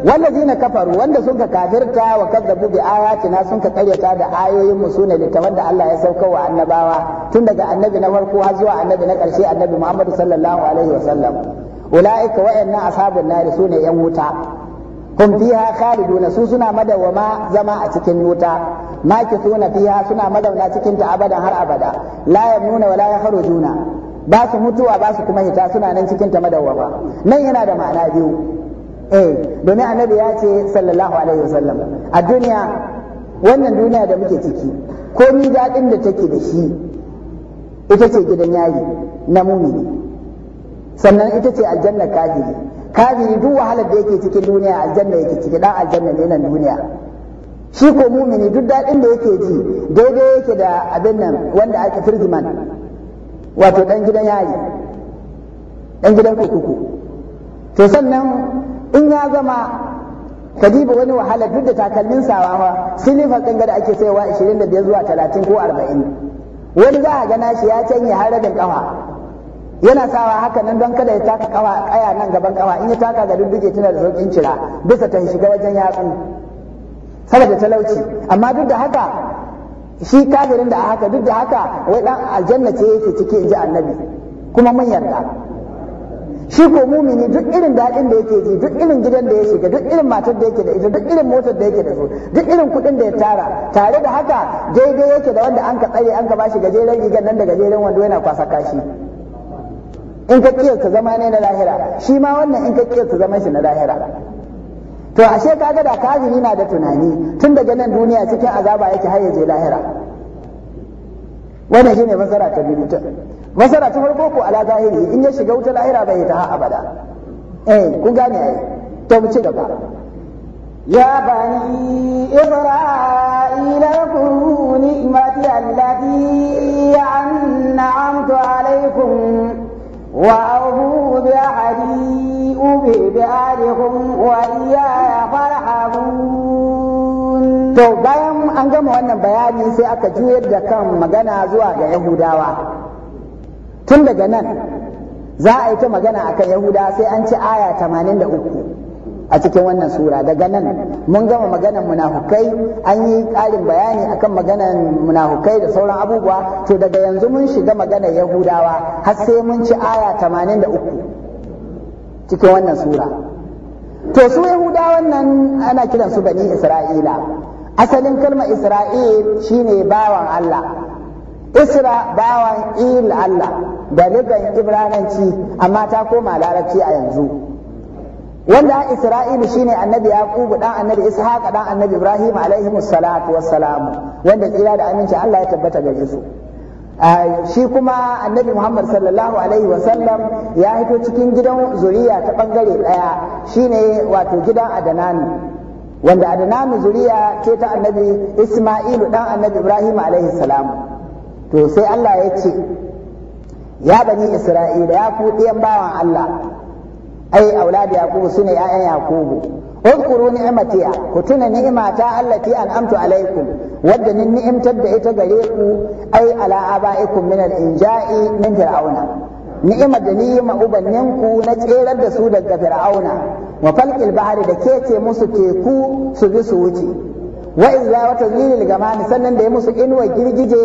والذين كفروا وأن سنك كافرت وكذبوا بآياتنا سنك قريت هذا آية مسونة لتودع الله يسوك وأنباوا تندق النبي نفرقوا هزوا النبي نكرشي النبي محمد صلى الله عليه وسلم أولئك وإن أصحاب النار سنة يموتا hum fiha khaliduna su suna madawama zama a cikin wuta makithuna fiha suna madauna cikin ta abadan har abada la nuna wala yakhrujuna ba su mutuwa ba su kuma hita suna nan cikin ta madawama nan yana da ma'ana biyu eh domin annabi ya ce sallallahu alaihi wasallam a duniya wannan duniya da muke ciki ko ni daɗin da take da shi ita ce gidan yayi na mumini sannan ita ce aljannar kafiri kafiri duk wahalar da yake cikin duniya aljanna yake ciki dan aljanna ne nan duniya shi ko mumini duk daɗin da yake ji daidai yake da abin nan wanda aka firgiman wato dan gidan yayi dan gidan kurkuku to sannan in ya gama kadiba wani wahala duk da takalmin sawawa silifar kanga da ake saiwa 25 zuwa 30 ko 40 wani za a gana shi ya canye har rabin kafa yana sawa haka nan don kada ya taka kawa kaya nan gaban kawa in ya taka ga dubbuke tana da sauƙin cira bisa ta shiga wajen yatsu saboda talauci amma duk da haka shi kafirin da haka duk da haka wai dan aljanna ce yake ciki inji annabi kuma mun yarda shi ko mumini duk irin daɗin da yake ji duk irin gidan da ya shiga duk irin matar da yake da ita duk irin motar da yake da su duk irin kuɗin da ya tara tare da haka daidai yake da wanda an ka tsare an ka bashi gajeren rigar nan da gajeren wando yana kwasa kashi in ka kiyasta zama ne na lahira shi ma wannan in ka kiyasta zama shi na lahira to ashe kaga da kafiri na da tunani tun daga nan duniya cikin azaba yake har ya je lahira wannan shine masara ta biyu ta masara ta farko ko ala zahiri in ya shiga wuta lahira bai ta abada eh kun gane ai to mu ci gaba يا بني إسرائيل اذكروا ni'mati allati an'amtu alaykum وأوفوا بعهدي أوفي بعهدكم وإياي فارحبون to bayan an gama wannan bayani sai aka juyar da kan magana zuwa ga Yahudawa tun daga nan za a yi ta magana akan Yahuda sai an ci aya uku. a cikin wannan sura daga nan mun gama maganan munafukai an yi ƙarin bayani akan maganan munafukai da sauran abubuwa to daga yanzu mun shiga maganar yahudawa har sai mun ci aya 83 cikin wannan sura to su yahudawan nan ana kiran su bani isra'ila asalin kalmar isra'il shine bawan allah Isra bawan il Allah da rigan Ibrananci amma ta koma larabci a yanzu. wanda a isra'ilu shine annabi yaqubu dan annabi ishaqa dan annabi ibrahim alaihi salatu wassalam wanda tsira da aminci Allah ya tabbata gare su shi kuma annabi muhammad sallallahu alaihi wasallam ya hito cikin gidan zuriya ta bangare daya shine wato gidan adanani wanda adanani zuriya ce ta annabi isma'ilu dan annabi ibrahim alaihi to sai Allah ya ce ya bani isra'ila ya ku bawan Allah ai aulad yaqubu sune ƴaƴan yaqubu uzkuru ni'matiya ku tuna ni'mata allati an'amtu alaikum wadda nin ni'imtar da ita gare ku ai ala abaikum min al-inja'i min fir'auna ni'imar da ni ma ubanninku na tserar da su daga fir'auna wa falqil bahri da kece musu teku su bi su wuce wa idza wa tazlilil gamani sannan da ya musu inwa girgije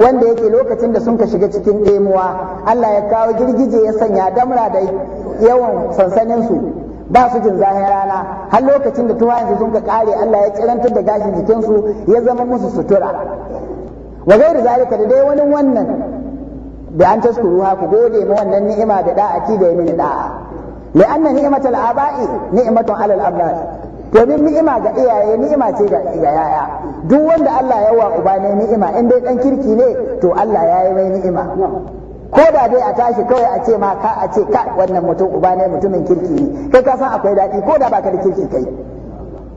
wanda yake lokacin da sun ka shiga cikin ɗemuwa Allah ya kawo girgije ya sanya damra da yawan sansaninsu ba su jin zahin rana har lokacin da tuwayensu sun ka kare Allah ya kirantar da gashin jikinsu ya zama musu sutura wa gairu zalika da dai wani wannan da an taskuruha ku gode ma wannan ni'ima da da'aci da yamin da'a li'anna ni'matal aba'i ni'matun alal abnas domin ni'ima ga iyaye ni'ima ce ga yaya duk wanda Allah ya wa uba ne ni'ima in dai dan kirki ne to Allah ya yi mai ni'ima ko da dai a tashi kawai a ce ma ka a ce ka wannan mutum uba ne mutumin kirki ne kai ka san akwai daɗi ko da baka da kirki kai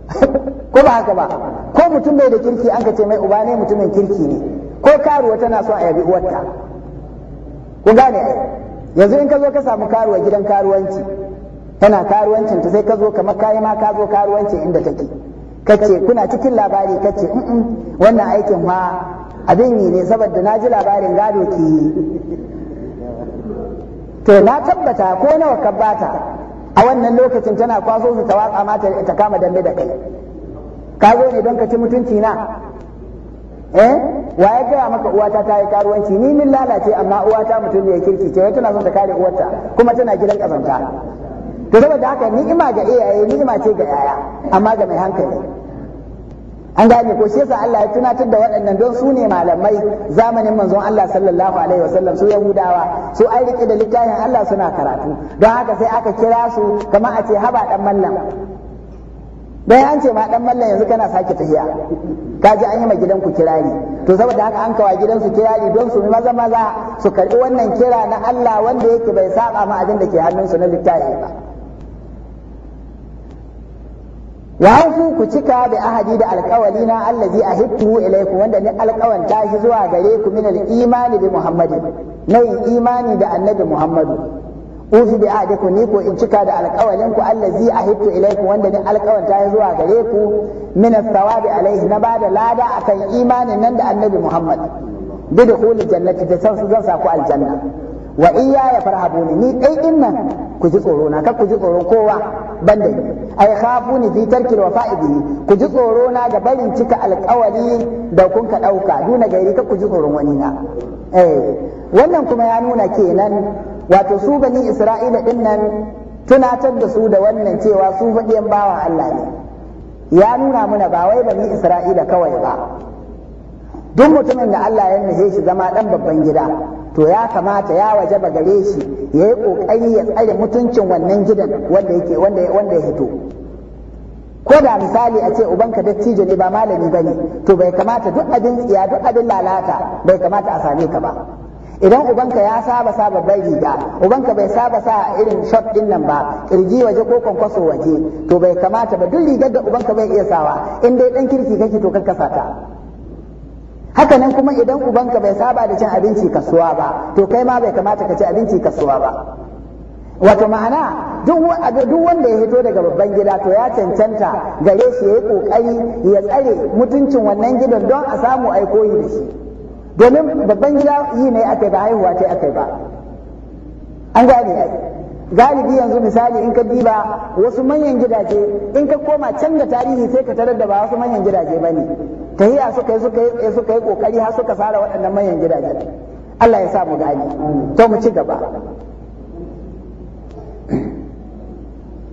<laughs> ko ba haka ba ko mutum bai da kirki an ka ce mai uba ne mutumin kirki ne ko karuwa tana son a yabi uwarta ku gane ai yanzu in ka zo ka samu karuwa gidan karuwanci tana karuwancin ta sai ka zo kamar kayi ma ka zo karuwancin inda take kace kuna cikin labari kace mm wannan aikin ma abin yi ne saboda na ji labarin gado ki to na tabbata ko nawa ka bata a wannan lokacin tana kwaso su ta watsa mata ta kama dambe da kai ka zo ne don ka ci mutunci na eh wa ya gaya maka uwata ta yi karuwanci ni min lalace amma uwata mutum ne ya kirki ce tana son ta kare uwarta kuma tana gidan kazanta to saboda haka ni'ima ga iyaye ni'ima ce ga yaya amma ga mai hankali an gane ko shi yasa Allah ya tunatar da waɗannan don su ne malamai zamanin manzon Allah sallallahu alaihi wasallam su yahudawa su ai rike da littafin Allah suna karatu don haka sai aka kira su kamar a ce haba dan mallam dan an ce ma dan mallam yanzu kana sake tafiya. ka ji an yi ma gidan ku kirari to saboda haka an kawa su kirari don su maza maza su karbi wannan kira na Allah wanda yake bai saba ma abin da ke hannunsu na littafi ba wa haifu ku cika bi ahadi da alƙawali na allazi ahibtu ilaiku wanda ni alkawanta shi zuwa gare ku min al-imani bi muhammadin na imani da annabi muhammadu ufi bi ahadikum ni ko in cika da alƙawalin ku allazi ahibtu ilaiku wanda ni alkawanta shi zuwa gare ku min as-sawabi alaihi na bada lada akan imanin nan da annabi muhammad bi dukhul jannati da san su zan sa ku aljanna wa iya ya farhabuni ni dai din nan ku ji tsoro na ku ji tsoron kowa banda ni ai ni fi tarki wa fa'idi ku ji tsoro na ga barin cika alƙawari da kun ka dauka duna gairi ka ku ji tsoron wani na eh wannan kuma ya nuna kenan wato su bani isra'ila din nan tunatar da su da wannan cewa su faɗiyan bawa Allah ne ya nuna mana ba wai bani isra'ila kawai ba duk mutumin da Allah ya nufe shi zama dan babban gida to ya kamata ya waje ba gare shi ya yi ƙoƙari ya tsare mutuncin wannan gidan wanda yake wanda wanda ya hito ko da misali a ce ubanka dattijo ne ba malami bane to bai kamata duk abin tsiya duk abin lalata bai kamata a same ka ba idan ubanka ya saba sa babbar riga ubanka bai saba sa irin shot din nan ba kirji waje ko kwankwaso waje to bai kamata ba duk rigar da ubanka bai iya sawa in dai dan kirki kake to karka sata haka nan kuma idan ubanka bai saba da cin abinci kasuwa ba to kai ma bai kamata ka ci abinci kasuwa ba wato ma'ana duk wanda ya hito daga babban gida to ya cancanta gare shi ya yi kokari ya tsare mutuncin wannan gidan don a samu a koyi da shi domin babban gida yi ne aka ba haihuwa ce aka ba an gane ai galibi yanzu misali in ka diba wasu manyan gidaje in ka koma can da tarihi sai ka tarar da ba wasu manyan gidaje ba ne ta yi a suka yi suka yi suka yi kokari har suka fara waɗannan manyan gidaje Allah ya sa mu gane to mu ci gaba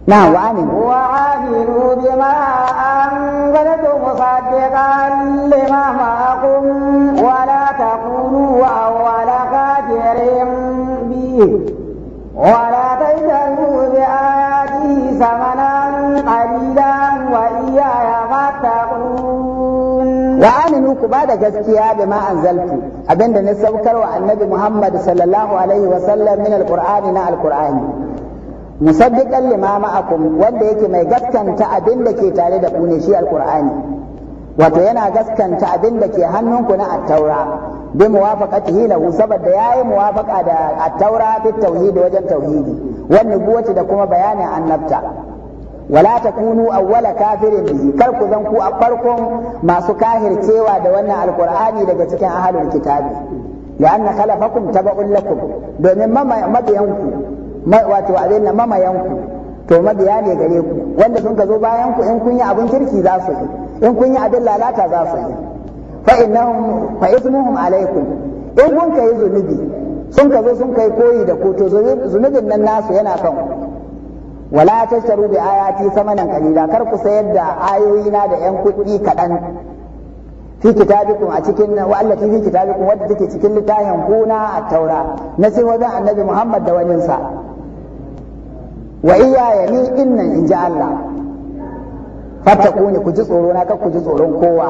na wa amin wa amiru bima anzalatum musaddiqan lima ma'akum wa la taqulu wa awwala qadirin bi wa la tajalu bi ayati samana qalilan wa iyaya fattaqun wa aminu ku ba da gaskiya da ma anzaltu abinda na saukar wa annabi Muhammad sallallahu alaihi wa sallam min alqur'ani na alqur'ani musaddiqan lima ma'akum wanda yake mai gaskanta abinda ke tare da ku ne shi alqur'ani wato yana gaskanta abinda ke hannunku na at-taura bi muwafaqatihi lahu saboda yayi muwafaqa da at-taura fi tauhid wajen tauhidi wannan buwaci da kuma bayanin annabta wala takunu awwala kafirin bihi kar ku zan ku a farkon masu kahircewa da wannan alqur'ani daga cikin ahlul kitabi لأن خلفكم تبع لكم domin mabiyan mabiyanku wato abin nan mamayanku to mabiya ne gare ku wanda sun ka zo bayan ku in kun yi abin kirki za su yi in kun yi abin lalata za su yi fa innahum fa ismuhum alaikum in kun kai zunubi sun ka zo sun kai koyi da ku to zunubin nan nasu yana kan ku wala ta tashtaru bi ayati samanan qalila kar ku sayar da ayoyi na da yan kuɗi kaɗan fi kitabikum a cikin wa allati fi kitabikum wadda take cikin littafin kuna a taura na sai wajen annabi Muhammad da wani sa wa iyaya ni innan in ji Allah fatakuni ku ne ku ji tsoro na kar ku ji tsoron kowa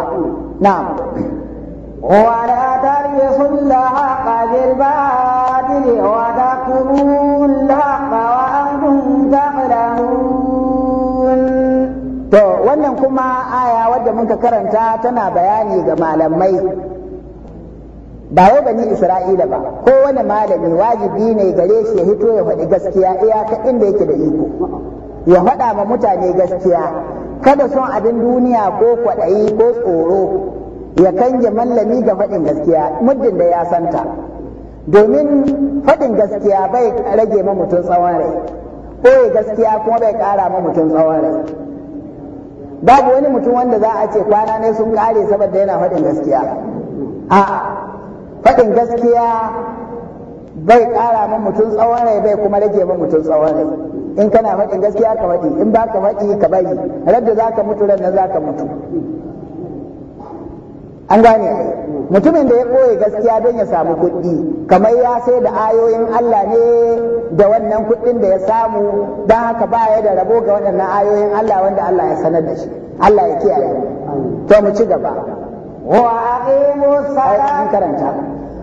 na'am ولا تلبسوا الحق بالباطل وتكتموا الله to wannan kuma aya wadda muka karanta tana bayani ga malamai ba wai bani isra'ila ba ko Wani malami wajibi ne gare shi ya hito ya faɗi gaskiya iya iyaka da yake da iko ya faɗa ma mutane gaskiya kada son abin duniya ko kwaɗayi ko tsoro ya kange mallami ga faɗin gaskiya muddin da ya santa domin faɗin gaskiya bai rage ma mutum tsawon rai koye gaskiya kuma bai kara ma mutum tsawon rai babu wani mutum wanda za a ce kwana ne sun kare saboda yana faɗin gaskiya a faɗin gaskiya bai kara ma mutum tsawon rai bai kuma rage ma mutum tsawon rai in kana faɗin gaskiya ka faɗi in baka ka faɗi ka bari radda za ka mutu ran za ka mutu an gane mutumin da ya ɓoye gaskiya don ya samu kuɗi kamar ya sai da ayoyin Allah ne da wannan kuɗin da ya samu don haka ba ya da rabo ga waɗannan ayoyin Allah wanda Allah ya sanar da shi Allah ya kiyaye to mu ci gaba wa aqimu karanta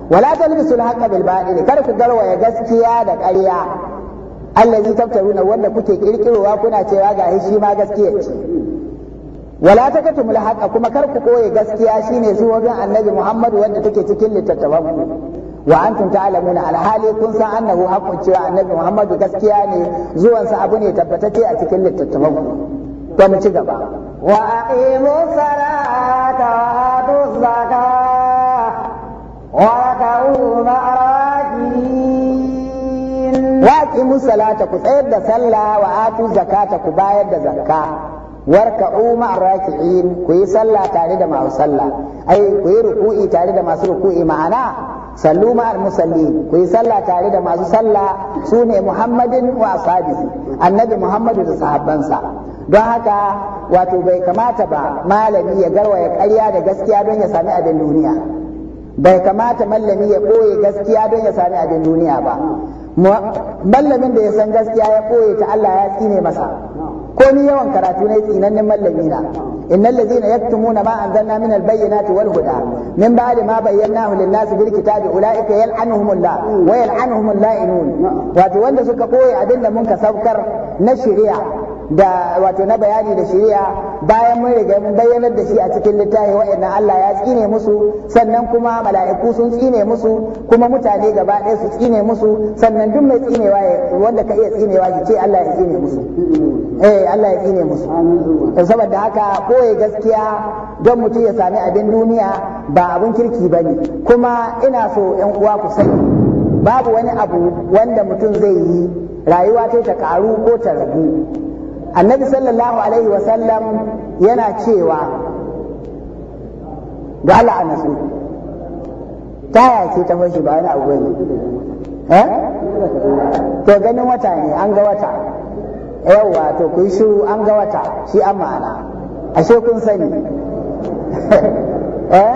wala talbisu al bil batil kar ku garwaya gaskiya da ƙarya allazi tabtaruna wanda kuke kirkirowa kuna cewa ga shi ma gaskiya ce wala ta katumul haqa kuma kar ku koye gaskiya shine zuwagin annabi Muhammadu, wanda take cikin littattafan mu wa antum ta'lamuna alhali kun san annahu haqqun cewa annabi Muhammadu gaskiya ne zuwan sa abu ne tabbatacce a cikin littattafan mu to mu ci gaba wa aqimu salata wa atu zakata wa rak'u ma'arakin wa aqimu salata ku tsayar da sallah wa atu zakata ku bayar da zakka Warka uma raki'in ku yi sallah tare da masu sallah ai ku yi ruku'i tare da masu ruku'i ma'ana sallu al musalli ku yi sallah tare da masu sallah su ne muhammadin wa ashabihi annabi muhammadu da sahabbansa don haka wato bai kamata ba malami ya garwa ya karya da gaskiya don ya sami abin duniya bai kamata mallami ya boye gaskiya don ya sami abin duniya ba mallamin da ya san gaskiya ya ɓoye ta Allah ya tsine masa ko ni yawan karatu ne tsinannen mallami na innal ladzina yaktumuna ma anzalna min albayyinati wal huda min ba'di ma bayyanahu lin nas bil kitabi ulaika yal'anuhumullah wa yal'anuhumul la'inun wato wanda suka koyi abinda mun ka saukar na shari'a da wato na bayani da shari'a bayan mun riga mun bayyanar da shi a cikin littafi wa'annan Allah ya tsine musu sannan kuma mala'iku sun tsine musu kuma mutane gaba ɗaya su tsine musu sannan duk mai tsinewa wanda ka iya tsinewa ki ce Allah ya tsine musu eh Allah ya tsine musu saboda haka koyi gaskiya don mutum ya sami abin duniya ba abin kirki ba ne. kuma ina so yan uwa ku sani babu wani abu wanda mutum zai yi rayuwa ta ta karu ko ta ragu annabi sallallahu alaihi wasallam yana cewa ga Allah a nasu taya ce ta fashi ba wani abu ne eh? to ganin wata ne an ga wata yawwa to kun shiru an ga wata shi an ma'ana ashe kun sani <laughs> eh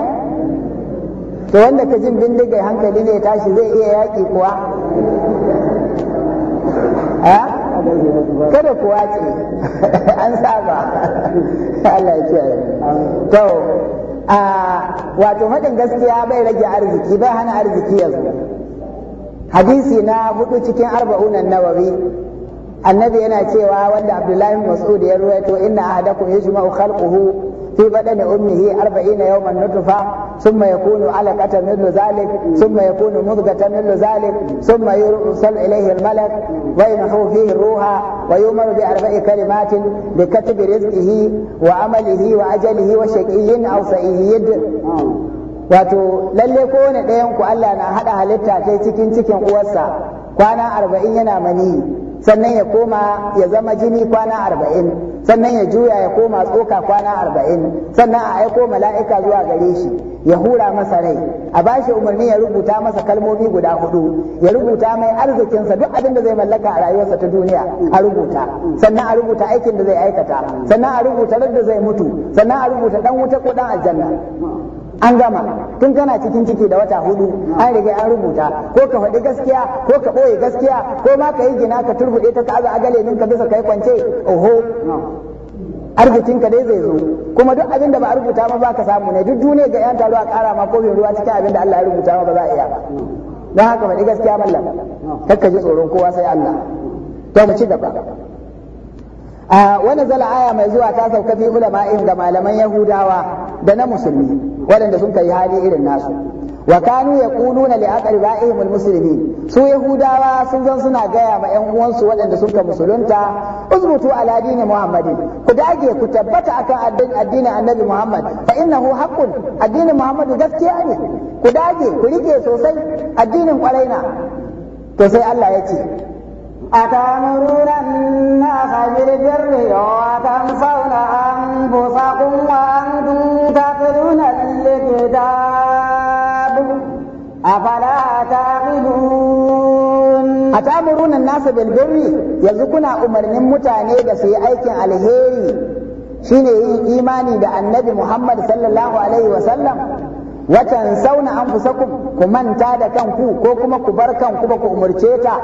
to wanda ka jin bindigar hankali ne tashi zai iya yaƙi kuwa eh kada ku wace an saba Allah ya ce to a wato haɗin gaskiya bai rage arziki bai hana arziki yanzu hadisi na hudu cikin arba'unan nawawi annabi yana cewa wanda abdullahi mas'ud ya ruwaito inna ahadakum yajma'u khalquhu في بدن أمه أربعين يوما نطفة ثم يكون علقة مثل ذلك ثم يكون مضغة مثل ذلك ثم يرسل إليه الملك وينحو فيه الروح ويؤمر بأربع كلمات بكتب رزقه وعمله وأجله وشقي أو سعيد wato lalle kowane ɗayan ku Allah na haɗa halitta ta cikin cikin uwarsa kwana arba'in yana mani sannan ya koma ya zama jini kwana arba'in sannan ya juya ya koma tsoka kwana arba'in sannan a aiko mala'ika zuwa gare shi ya hura masa rai a bashi umarni ya rubuta masa kalmomi guda hudu ya rubuta mai arzikinsa duk abin da zai mallaka a rayuwarsa ta duniya a rubuta sannan a rubuta aikin da zai aikata sannan a rubuta da zai mutu sannan a rubuta dan wuta ko dan aljanna an gama tun kana cikin ciki da wata hudu an riga an rubuta ko ka faɗi gaskiya ko ka ɓoye gaskiya ko ma ka yi gina ka turbuɗe ta ka'aza a galemin ka bisa kai kwance oho arzikin ka dai zai zo kuma duk abin da ba a rubuta ma ba ka samu ne duk duniya ga yan taro a ƙara ma ko ruwa cikin abin da Allah ya rubuta ma ba za a iya ba don haka faɗi gaskiya mallam kakka ji tsoron kowa sai Allah to mu ci gaba wani zala aya mai zuwa ta sauka fi ulama'in ga malaman yahudawa da na musulmi waɗanda sun kai hali irin nasu wa kanu ya na li aqraba'ihim almuslimin su yahudawa sun zan suna gaya ma yan uwansu waɗanda suka musulunta uzbutu ala dini muhammadin ku dage ku tabbata akan addinin annabi muhammad fa innahu haqqun addinin muhammad gaskiya ne ku dage ku rike sosai addinin na to sai Allah ya ce أتأمرون الناس بالبر وتنسون أنفسكم وأنتم تتلون الكتاب أفلا تعقلون أتأمرون الناس بالبر أمر من متانيك في أيك الهيري shine yin imani da annabi Muhammad sallallahu alaihi wasallam watan sauna an ku manta da kanku ko kuma ku bar kanku ba ku umarce ta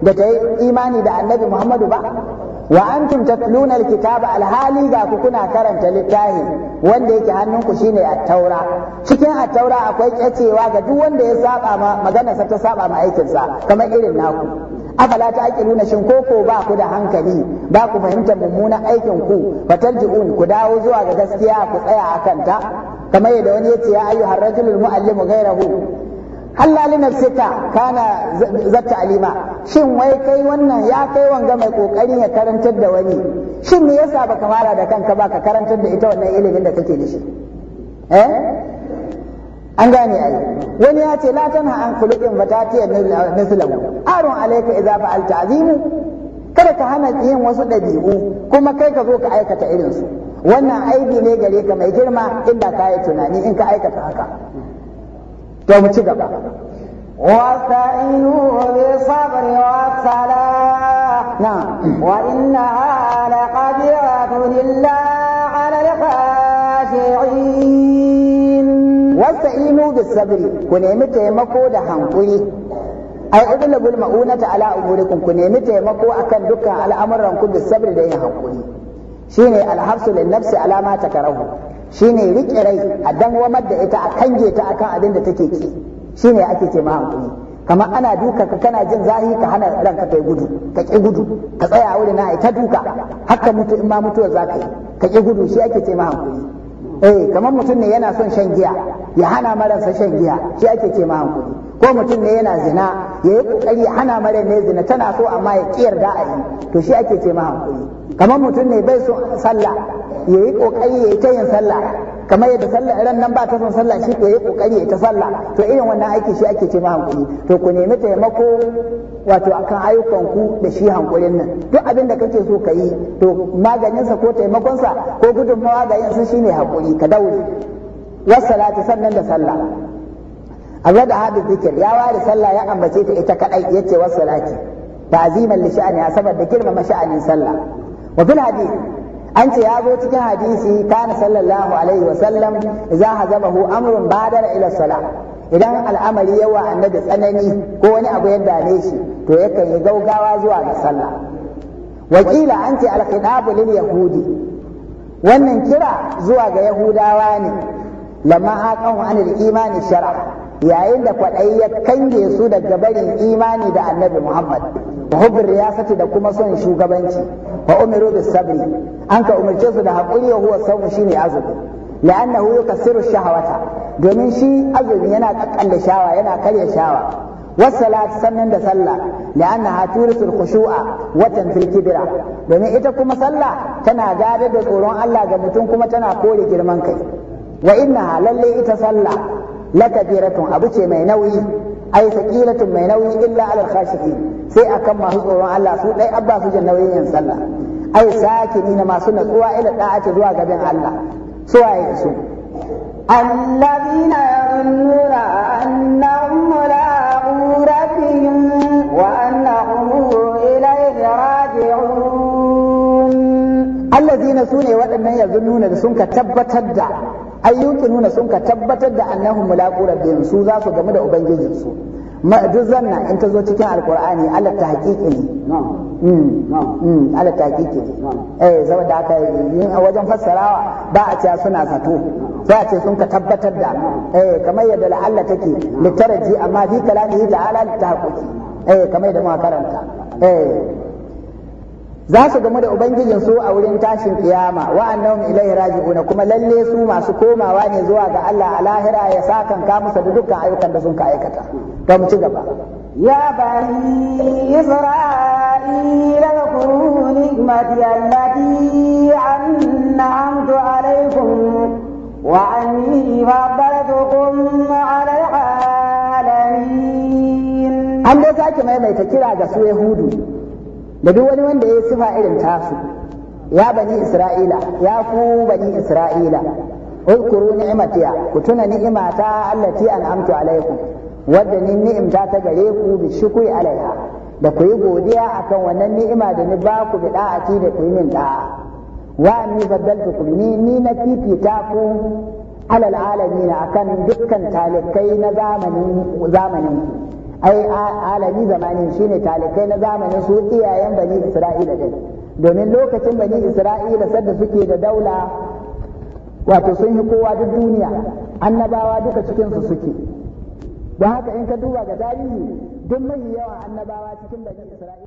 da ta yi imani da annabi Muhammadu ba wa an antum tatluna alkitaba alhali ga ku kuna karanta littafi wanda yake hannunku shine at-taura cikin at-taura akwai kyacewa ga duk wanda ya saba ma magana sa ta saba ma aikin kamar irin naku afala ta nuna shin koko ba ku da hankali ba ku fahimta mummunan aikin ku fatarji'un ku dawo zuwa ga gaskiya ku tsaya akan ta kamar yadda wani yace ya ayyuhar rajulul muallimu ghayrahu halalinar sita kana zata alima shin wai kai wannan ya kai wanga mai kokarin ya karantar da wani shin me yasa baka fara da kanka baka ka karantar da ita wannan ilimin da kake da shi eh an gane ai wani ya ce la tanha an khuluqin matatiya mislahu arun alayka idza fa'alta azimu kada ka hana yin wasu ɗabi'u kuma kai ka zo ka aikata irin su. wannan aibi ne gare ka mai girma inda ka yi tunani in ka aikata haka to mu ci gaba واستعينوا بالصبر نعم وإنها لقدرة لله على الخاشعين واستعينوا بالصبر كنعم تيمكو ده هنقولي ai udlabul ma'unata ala umurikum ku nemi taimako akan dukkan al'amuran ku bisabri da yin hakuri shine alhafsu lin nafsi Shi ne riƙe rai a dangwamar da ita a kange ta kan abin da take ki ne ake ce kamar ana duka ka kana jin zahi ka hana ranka kai gudu ka ƙi gudu ka tsaya wuri na ita duka haka mutu in ma mutuwa za ka yi ka ƙi gudu shi ake ce ma eh kamar mutum ne yana son shan giya ya hana maransa shan giya shi ake ce ko mutum ne yana zina ya yi kokari ya hana mara ne zina tana so amma ya ki yarda a yi to shi ake ce hankuri kamar mutum ne bai so sallah ya yi kokari ya yi ta yin sallah kamar yadda sallah ran nan ba ta son sallah shi ya yi kokari ya ta sallah to irin wannan aiki shi ake ce ma hankuri to ku nemi taimako wato akan ayyukan ku da shi hankurin nan duk abin da kake so ka yi to maganinsa ko taimakonsa ko gudunmawa ga yin su shine hakuri ka daure wasalatu sannan da sallah a da hadin zikir ya ware sallah ya ambace ta ita kadai yace wasalati ta'ziman li sha'ani saboda girmama sha'anin sallah wa fil hadith an ce ya zo cikin hadisi kana sallallahu alaihi wa sallam hu, hazabahu amrun badara ila salah idan al'amari yawa annabi tsanani ko wani abu ya dame shi to yakan yi gaugawa zuwa ga sallah wakila an ce alkhidabu lil yahudi wannan kira zuwa ga yahudawa ne lamma aqahu an al-imani shar'a yayin da kwaɗayi ya kange su daga bari imani da annabi Muhammad wa ya sace da kuma son shugabanci wa umiru bis an ka umarce su da haƙuri huwa sawm shine azumi la'annahu yukassiru shahawata domin shi azumi yana kakkanda shawa yana karya shawa wasalat sannan da sallah la'annaha turisul khushu'a wa tanfil kibra domin ita kuma sallah tana gadar da tsoron Allah ga mutum kuma tana kore girman kai wa innaha lalle ita sallah lakabiratun abu ce mai nauyi ai saqilatun mai nauyi illa alal khashiin sai akan masu tsoron Allah su dai abba su jin nauyin yin sallah ai sakini na masu natsuwa ila da'ati zuwa gaban Allah su waye su الذين يظنون أنهم ملاقو ربهم وأنهم إليه راجعون الذين سوني وأن يظنون Ayyukan nuna sun ka tabbatar da annahum mulaqu rabbihim su za su game da ubangijin su duk zanna in ta zo cikin alqur'ani Allah ta haƙiƙi ne Allah ta haƙiƙi ne eh zama da aka yi a wajen fassarawa ba a cewa suna zato sai a ce sun ka tabbatar da eh kamar yadda Allah take litaraji amma fi kalamihi ta'ala litahaqqiqi eh kamar yadda muka karanta eh za su gamu da ubangijin su a wurin tashin kiyama wa annahum ilaihi raji'una kuma lalle su masu komawa ne zuwa ga Allah a lahira ya saka ka musu da dukkan ayyukan da sun ka aikata to mu ci gaba ya bani isra'ila yakunu bi allati an'amtu alaykum wa anni fadaratukum ala alamin an dai sake maimaita kira ga su yahudu da duk wani wanda ya yi sifa irin tasu ya bani isra'ila ya ku bani isra'ila uzkuru ni'matiya ku tuna ni'imata allati an'amtu alaikum wadda ni ni'imta ta gare ku bi shukri alaiha da ku yi godiya akan wannan ni'ima da ni ba ku bi da'ati da ku yi min da'a wa ni ku ni ni na fifita ku alal alamin akan dukkan talikai na zamanin zamanin ku ai alami zamani shine talikai na zamanin su iyayen bani isra'ila din domin lokacin bani isra'ila sadda suke da daula wato sun yi kowa duk duniya annabawa duka cikin su suke don haka in ka duba ga tarihi duk mai yawa annabawa cikin bani isra'ila